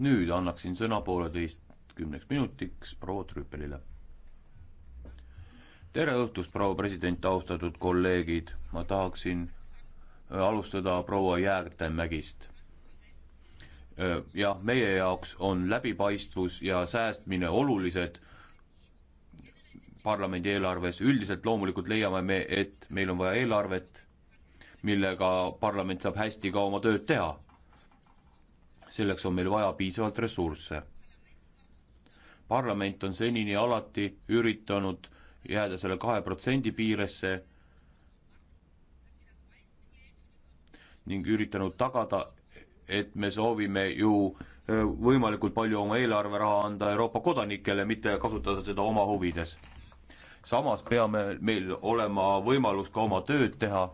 nüüd annaksin sõna pooleteistkümneks minutiks proua Trüppelile tere õhtust, proua president, austatud kolleegid, ma tahaksin äh, alustada proua Jäärtemägist. Äh, jah, meie jaoks on läbipaistvus ja säästmine olulised parlamendi eelarves, üldiselt loomulikult leiame me, et meil on vaja eelarvet, millega parlament saab hästi ka oma tööd teha. selleks on meil vaja piisavalt ressursse. parlament on senini alati üritanud jääda selle kahe protsendi piiresse ning üritanud tagada, et me soovime ju äh, võimalikult palju oma eelarveraha anda Euroopa kodanikele, mitte kasutada seda oma huvides. samas peame meil olema võimalus ka oma tööd teha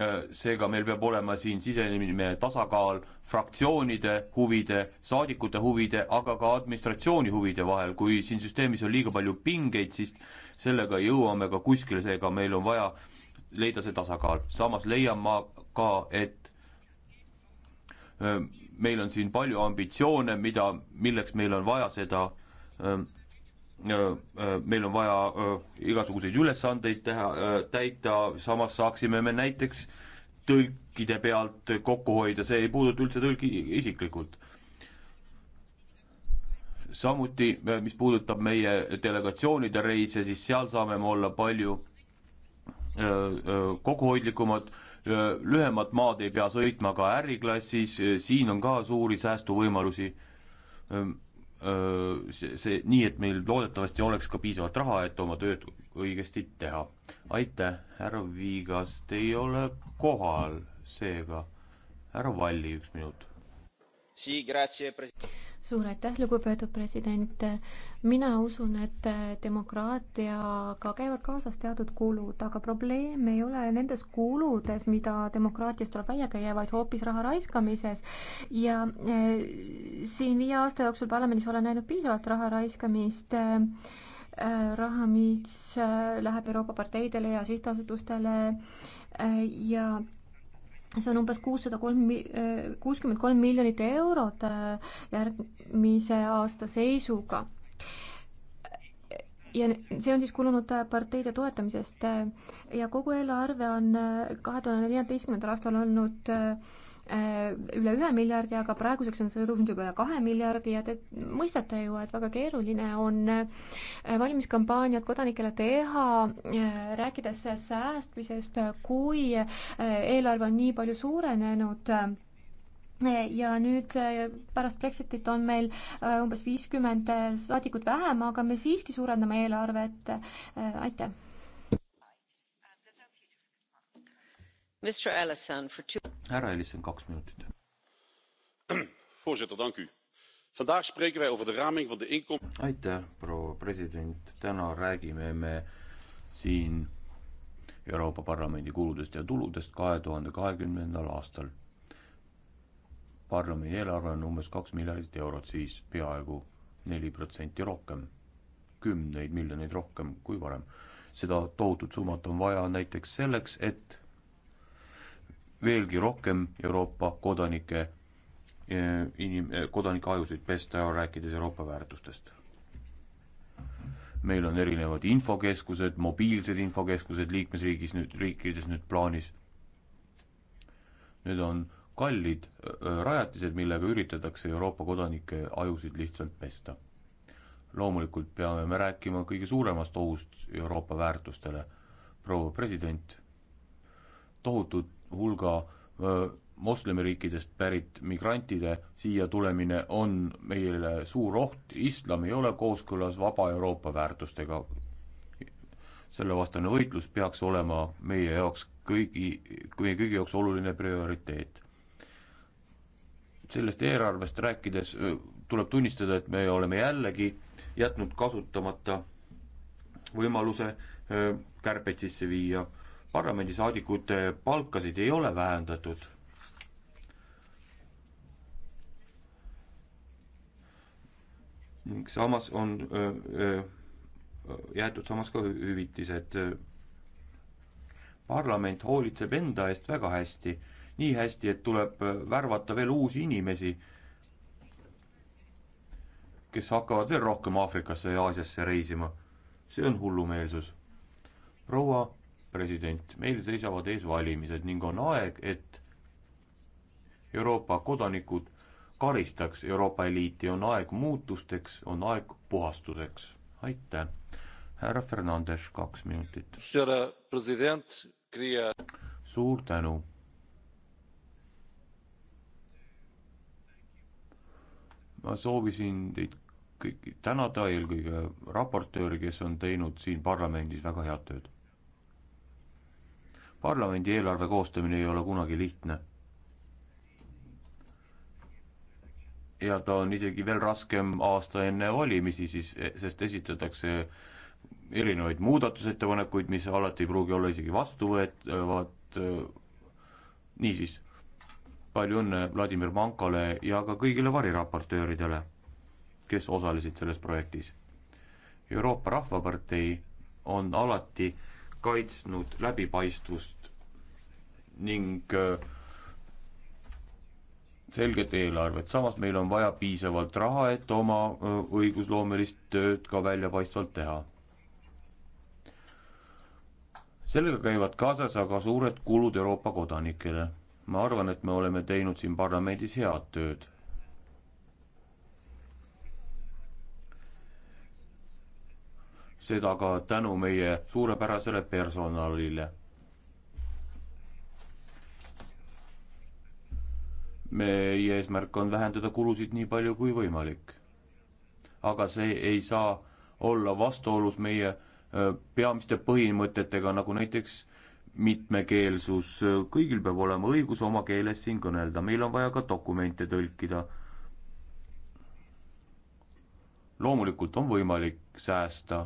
Äh, seega meil peab olema siin sisemine tasakaal fraktsioonide huvide, saadikute huvide, aga ka administratsiooni huvide vahel, kui siin süsteemis on liiga palju pingeid, siis sellega jõuame ka kuskile, seega meil on vaja leida see tasakaal, samas leian ma ka, et äh, meil on siin palju ambitsioone, mida, milleks meil on vaja seda äh, Äh, äh, meil on vaja äh, igasuguseid ülesandeid teha, täita, samas saaksime me näiteks tõlkide pealt kokku hoida, see ei puuduta üldse tõlki isiklikult. samuti, mis puudutab meie delegatsioonide reise, siis seal saame me olla palju kokkuhoidlikumad, lühemat maad ei pea sõitma ka äriklassis, siin on ka suuri säästuvõimalusi see, see, nii et meil loodetavasti oleks ka piisavalt raha, et oma tööd õigesti teha. aitäh, härra Viigas, te ei ole kohal, seega härra Valli, üks minut suur aitäh, lugupeetud president. mina usun, et demokraatiaga käivad kaasas teatud kulud, aga probleem ei ole nendes kuludes, mida demokraatiast tuleb välja käia, vaid hoopis raha raiskamises. ja eh, siin viie aasta jooksul parlamendis olen näinud piisavalt raha raiskamist eh, raha, mis eh, läheb Euroopa parteidele ja sihtasutustele eh, ja see on umbes kuussada kolm, äh, kuuskümmend kolm miljonit eurot äh, järgmise aasta seisuga. ja see on siis kulunud äh, parteide toetamisest ja kogu eelarve on kahe tuhande neljateistkümnendal aastal olnud Äh, üle ühe miljardi, aga praeguseks on see tõusnud juba üle kahe miljardi ja te mõistate ju, et väga keeruline on äh, valimiskampaaniat kodanikele teha, äh, rääkides säästmisest, kui eelarve on nii palju suurenenud ja nüüd pärast Brexitit on meil umbes viiskümmend saadikut vähem, aga me siiski suurendame eelarvet. aitäh härra ellison kaks minutit. aitäh proua president täna räägime me siin euroopa parlamendi kuludest ja tuludest kahe tuhande kahekümnendal aastal. parlamendi eelarve on umbes kaks miljardit eurot, siis peaaegu neli protsenti rohkem, kümneid miljoneid rohkem kui varem. seda tohutut summat on vaja näiteks selleks, et veelgi rohkem Euroopa kodanike, eh, inim-, eh, kodanike ajusid pesta, rääkides Euroopa väärtustest. meil on erinevad infokeskused, mobiilsed infokeskused liikmesriigis nüüd, riikides nüüd plaanis. Need on kallid eh, rajatised, millega üritatakse Euroopa kodanike ajusid lihtsalt pesta. loomulikult peame me rääkima kõige suuremast ohust Euroopa väärtustele. proua president, tohutud hulga moslemiriikidest pärit migrantide siia tulemine on meile suur oht, islam ei ole kooskõlas vaba Euroopa väärtustega. sellevastane võitlus peaks olema meie jaoks kõigi, meie kõigi jaoks oluline prioriteet. sellest eelarvest rääkides tuleb tunnistada, et me oleme jällegi jätnud kasutamata võimaluse kärpeid sisse viia parlamendisaadikute palkasid ei ole vähendatud. ning samas on öö, öö, jäetud samas ka hüvitised. parlament hoolitseb enda eest väga hästi, nii hästi, et tuleb värvata veel uusi inimesi, kes hakkavad veel rohkem Aafrikasse ja Aasiasse reisima. see on hullumeelsus. proua president, meil seisavad ees valimised ning on aeg, et Euroopa kodanikud karistaks Euroopa eliiti, on aeg muutusteks, on aeg puhastuseks. aitäh. härra Fernandes, kaks minutit. suur tänu. ma soovisin teid kõiki tänada, eelkõige raportööri, kes on teinud siin parlamendis väga head tööd parlamendi eelarve koostamine ei ole kunagi lihtne. ja ta on isegi veel raskem aasta enne valimisi, siis, sest esitatakse erinevaid muudatusettepanekuid, mis alati ei pruugi olla isegi vastuvõetavad, niisiis, palju õnne Vladimir Mankale ja ka kõigile variraportööridele, kes osalesid selles projektis. Euroopa Rahvapartei on alati äh, kaitsnud läbipaistvust ning äh, selget eelarvet, samas meil on vaja piisavalt raha, et oma äh, õigusloomelist tööd ka väljapaistvalt teha. sellega käivad kaasas aga suured kulud Euroopa kodanikele. ma arvan, et me oleme teinud siin parlamendis head tööd. seda ka tänu meie suurepärasele personalile. meie eesmärk on vähendada kulusid nii palju kui võimalik. aga see ei saa olla vastuolus meie äh, peamiste põhimõtetega, nagu näiteks mitmekeelsus, kõigil peab olema õigus oma keeles siin kõnelda, meil on vaja ka dokumente tõlkida. loomulikult on võimalik säästa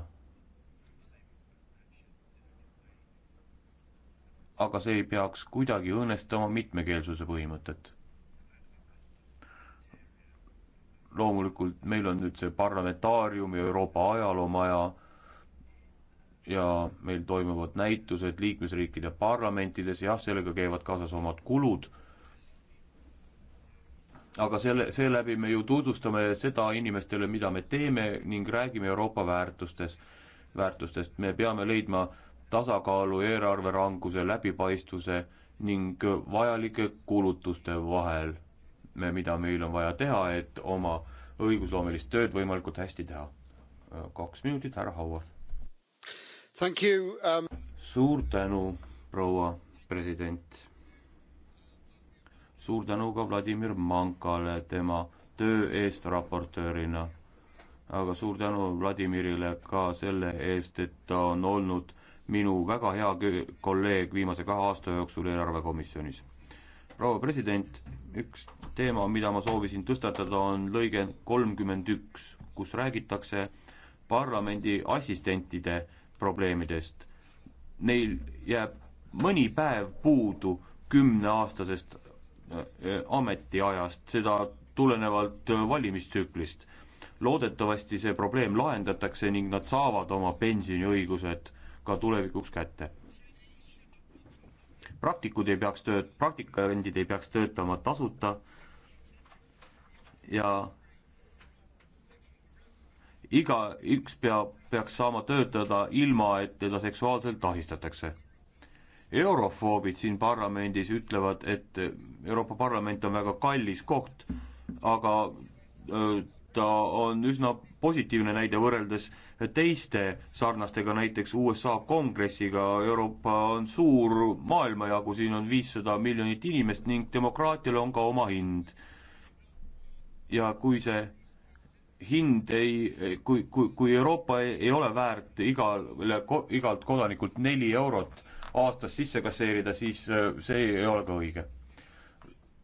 aga see ei peaks kuidagi õõnestama mitmekeelsuse põhimõtet. loomulikult meil on nüüd see parlamentaarium ja Euroopa ajaloomaja ja meil toimuvad näitused liikmesriikide parlamentides, jah, sellega käivad kaasas omad kulud, aga selle, seeläbi me ju tutvustame seda inimestele, mida me teeme ning räägime Euroopa väärtustes, väärtustest, me peame leidma äh, tasakaalu eelarve ranguse, läbipaistvuse ning vajalike kulutuste vahel, mida meil on vaja teha, et oma õigusloomelist tööd võimalikult hästi teha. kaks minutit, härra Hauas. Um... suur tänu, proua president. suur tänu ka Vladimir Mankale tema töö eest raportöörina. aga suur tänu Vladimirile ka selle eest, et ta on olnud minu väga hea kolleeg viimase kahe aasta jooksul eelarvekomisjonis. proua president, üks teema, mida ma soovisin tõstatada, on lõige kolmkümmend üks, kus räägitakse parlamendi assistentide probleemidest. Neil jääb mõni päev puudu kümneaastasest äh, äh, ametiajast, seda tulenevalt äh, valimistsüklist. loodetavasti see probleem lahendatakse ning nad saavad oma pensioniõigused ka tulevikuks kätte. praktikud ei peaks tööt-, praktikandid ei peaks töötama tasuta ja igaüks peab, peaks saama töötada ilma, et teda seksuaalselt ahistatakse eurofoobid siin parlamendis ütlevad, et Euroopa Parlament on väga kallis koht, aga öö, ta on üsna positiivne näide võrreldes teiste sarnastega, näiteks USA kongressiga, Euroopa on suur maailmajagu, siin on viissada miljonit inimest ning demokraatial on ka oma hind. ja kui see hind ei, kui, kui, kui Euroopa ei, ei ole väärt igale, igalt kodanikult neli eurot aastas sisse kasseerida, siis äh, see ei ole ka õige.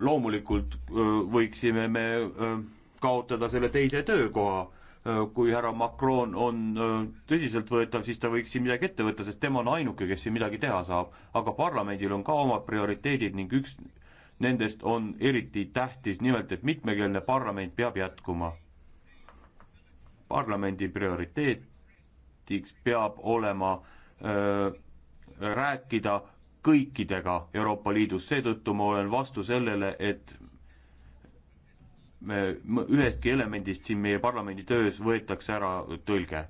loomulikult äh, võiksime me öö, äh, kaotada selle teise töökoha. kui härra Macron on äh, tõsiseltvõetav, siis ta võiks siin midagi ette võtta, sest tema on ainuke, kes siin midagi teha saab. aga parlamendil on ka omad prioriteedid ning üks nendest on eriti tähtis, nimelt et mitmekeelne parlament peab jätkuma. parlamendi prioriteetiks peab olema öö, äh, rääkida kõikidega Euroopa Liidus, seetõttu ma olen vastu sellele, et me ühestki elemendist siin meie parlamendi töös võetakse ära tõlge.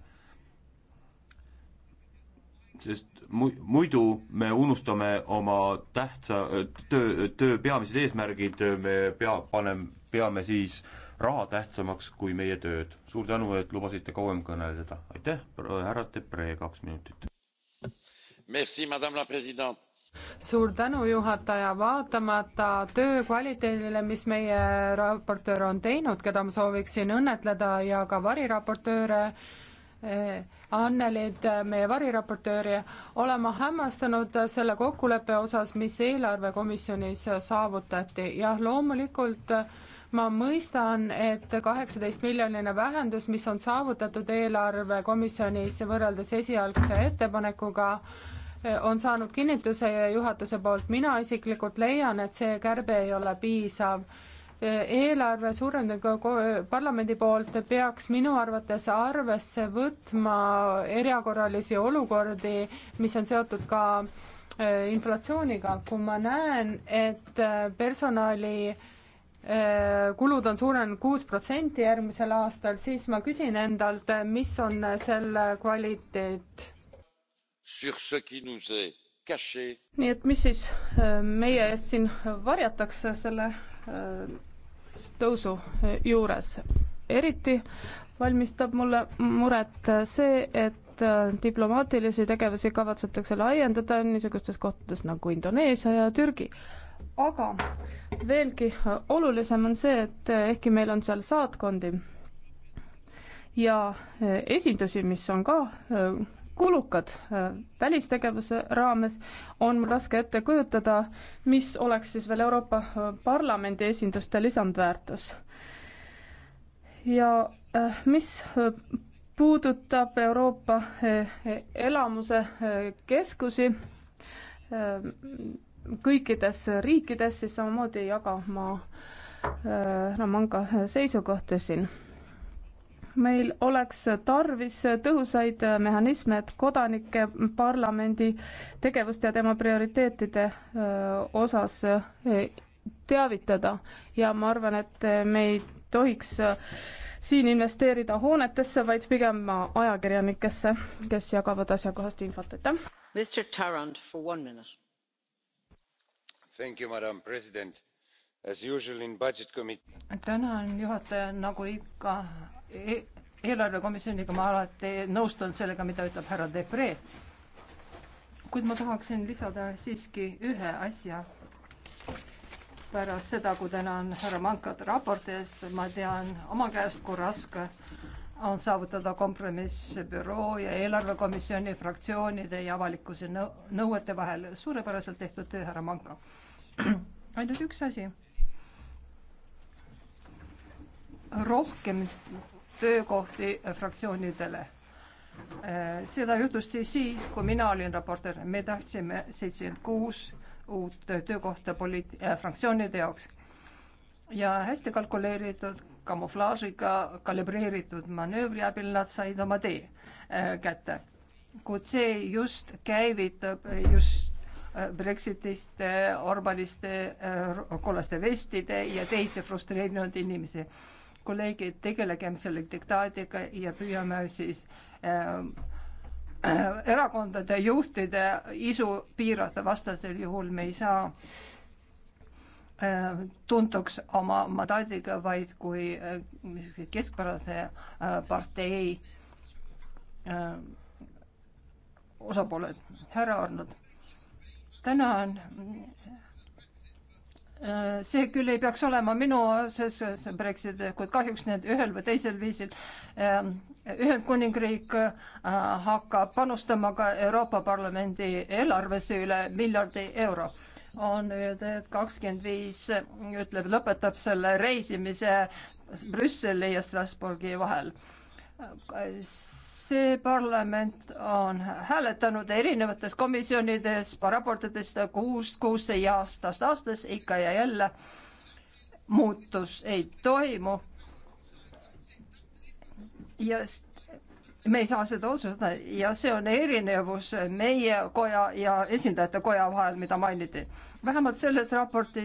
sest mu-, muidu me unustame oma tähtsa töö, töö peamised eesmärgid, me pea, paneme, peame siis raha tähtsamaks kui meie tööd. suur tänu, et lubasite kauem kõneleda. aitäh, härra Depree, kaks minutit. Merci, madame la president suur tänu, juhataja, vaatamata töö kvaliteedile, mis meie raportöör on teinud, keda ma sooviksin õnnetleda ja ka variraportööre eh,, Annelit, eh, meie variraportööri, olema hämmastanud selle kokkuleppe osas, mis eelarvekomisjonis saavutati. jah, loomulikult eh, ma mõistan, et kaheksateist miljoniline vähendus, mis on saavutatud eelarvekomisjonis võrreldes esialgse ettepanekuga, on saanud kinnituse juhatuse poolt. mina isiklikult leian, et see kärbe ei ole piisav. eelarve suurendamine parlamendi poolt peaks minu arvates arvesse võtma erakorralisi olukordi, mis on seotud ka eh, inflatsiooniga, kui ma näen, et eh, personali eh, kulud on suurenenud kuus protsenti järgmisel aastal, siis ma küsin endalt, mis on selle kvaliteet nii et mis siis äh, meie eest siin varjatakse selle äh, tõusu äh, juures? eriti valmistab mulle muret see, et diplomaatilisi tegevusi kavatsetakse laiendada niisugustes kohtades nagu Indoneesia ja Türgi. aga veelgi olulisem on see, et ehkki meil on seal saatkondi ja esindusi, mis on ka kulukad. Äh, välistegevuse raames on mul raske ette kujutada, mis oleks siis veel Euroopa äh, Parlamendi esinduste lisandväärtus. ja äh, mis puudutab Euroopa elamuse keskusi kõikides riikides, siis samamoodi ei jaga ma Ramanga seisukohta siin meil oleks tarvis tõhusaid mehhanisme, et kodanike parlamendi tegevust ja tema prioriteetide osas teavitada ja ma arvan, et me ei tohiks siin investeerida hoonetesse, vaid pigem ajakirjanikesse, kes jagavad asjakohast infot, aitäh. madam president tänan juhataja nagu ikka E-, eelarvekomisjoniga ma alati nõustun sellega, mida ütleb härra Depre. kuid ma tahaksin lisada siiski ühe asja. pärast seda, kui tänan härra Mankat raporti eest, ma tean oma käest, kui raske on saavutada kompromiss büroo ja eelarvekomisjoni fraktsioonide ja avalikkuse nõu-, nõuete vahel. suurepäraselt tehtud töö, härra Manka. ainult üks asi. rohkem töökohti äh, fraktsioonidele. Äh, seda juhtus siis siis, kui mina olin raportöör, me tahtsime seitsekümmend kuus uut töökohta poliit- äh,, fraktsioonide jaoks. ja hästi kalkuleeritud kamuflaažiga kalibreeritud manöövri abil nad said oma tee äh, kätte. kuid see just käivitab just äh, Brexitist, Orbanist, kollaste vestide ja teisi frustreerinud inimesi kolleegid, tegelegem selle diktaadiga ja püüame siis äh, äh, erakondade juhtide isu piirata, vastasel juhul me ei saa äh, tuntuks oma mandaadiga, vaid kui äh, keskpärase äh, partei äh, osapooled. härra Arnold, tänan see küll ei peaks olema minu osas see Brexit, kuid kahjuks need ühel või teisel viisil ähm, Ühendkuningriik äh, hakkab panustama ka Euroopa Parlamendi eelarvesse üle miljardi euro. on nüüd, et kakskümmend viis ütleb, lõpetab selle reisimise Brüsseli ja Strasbourgi vahel see parlament on hääletanud erinevates komisjonides raportitest kuust kuusse ja aastast aastas ikka ja jälle muutus ei toimu. ja me ei saa seda otsustada ja see on erinevus meie koja ja esindajate koja vahel, mida mainiti. vähemalt selles raportis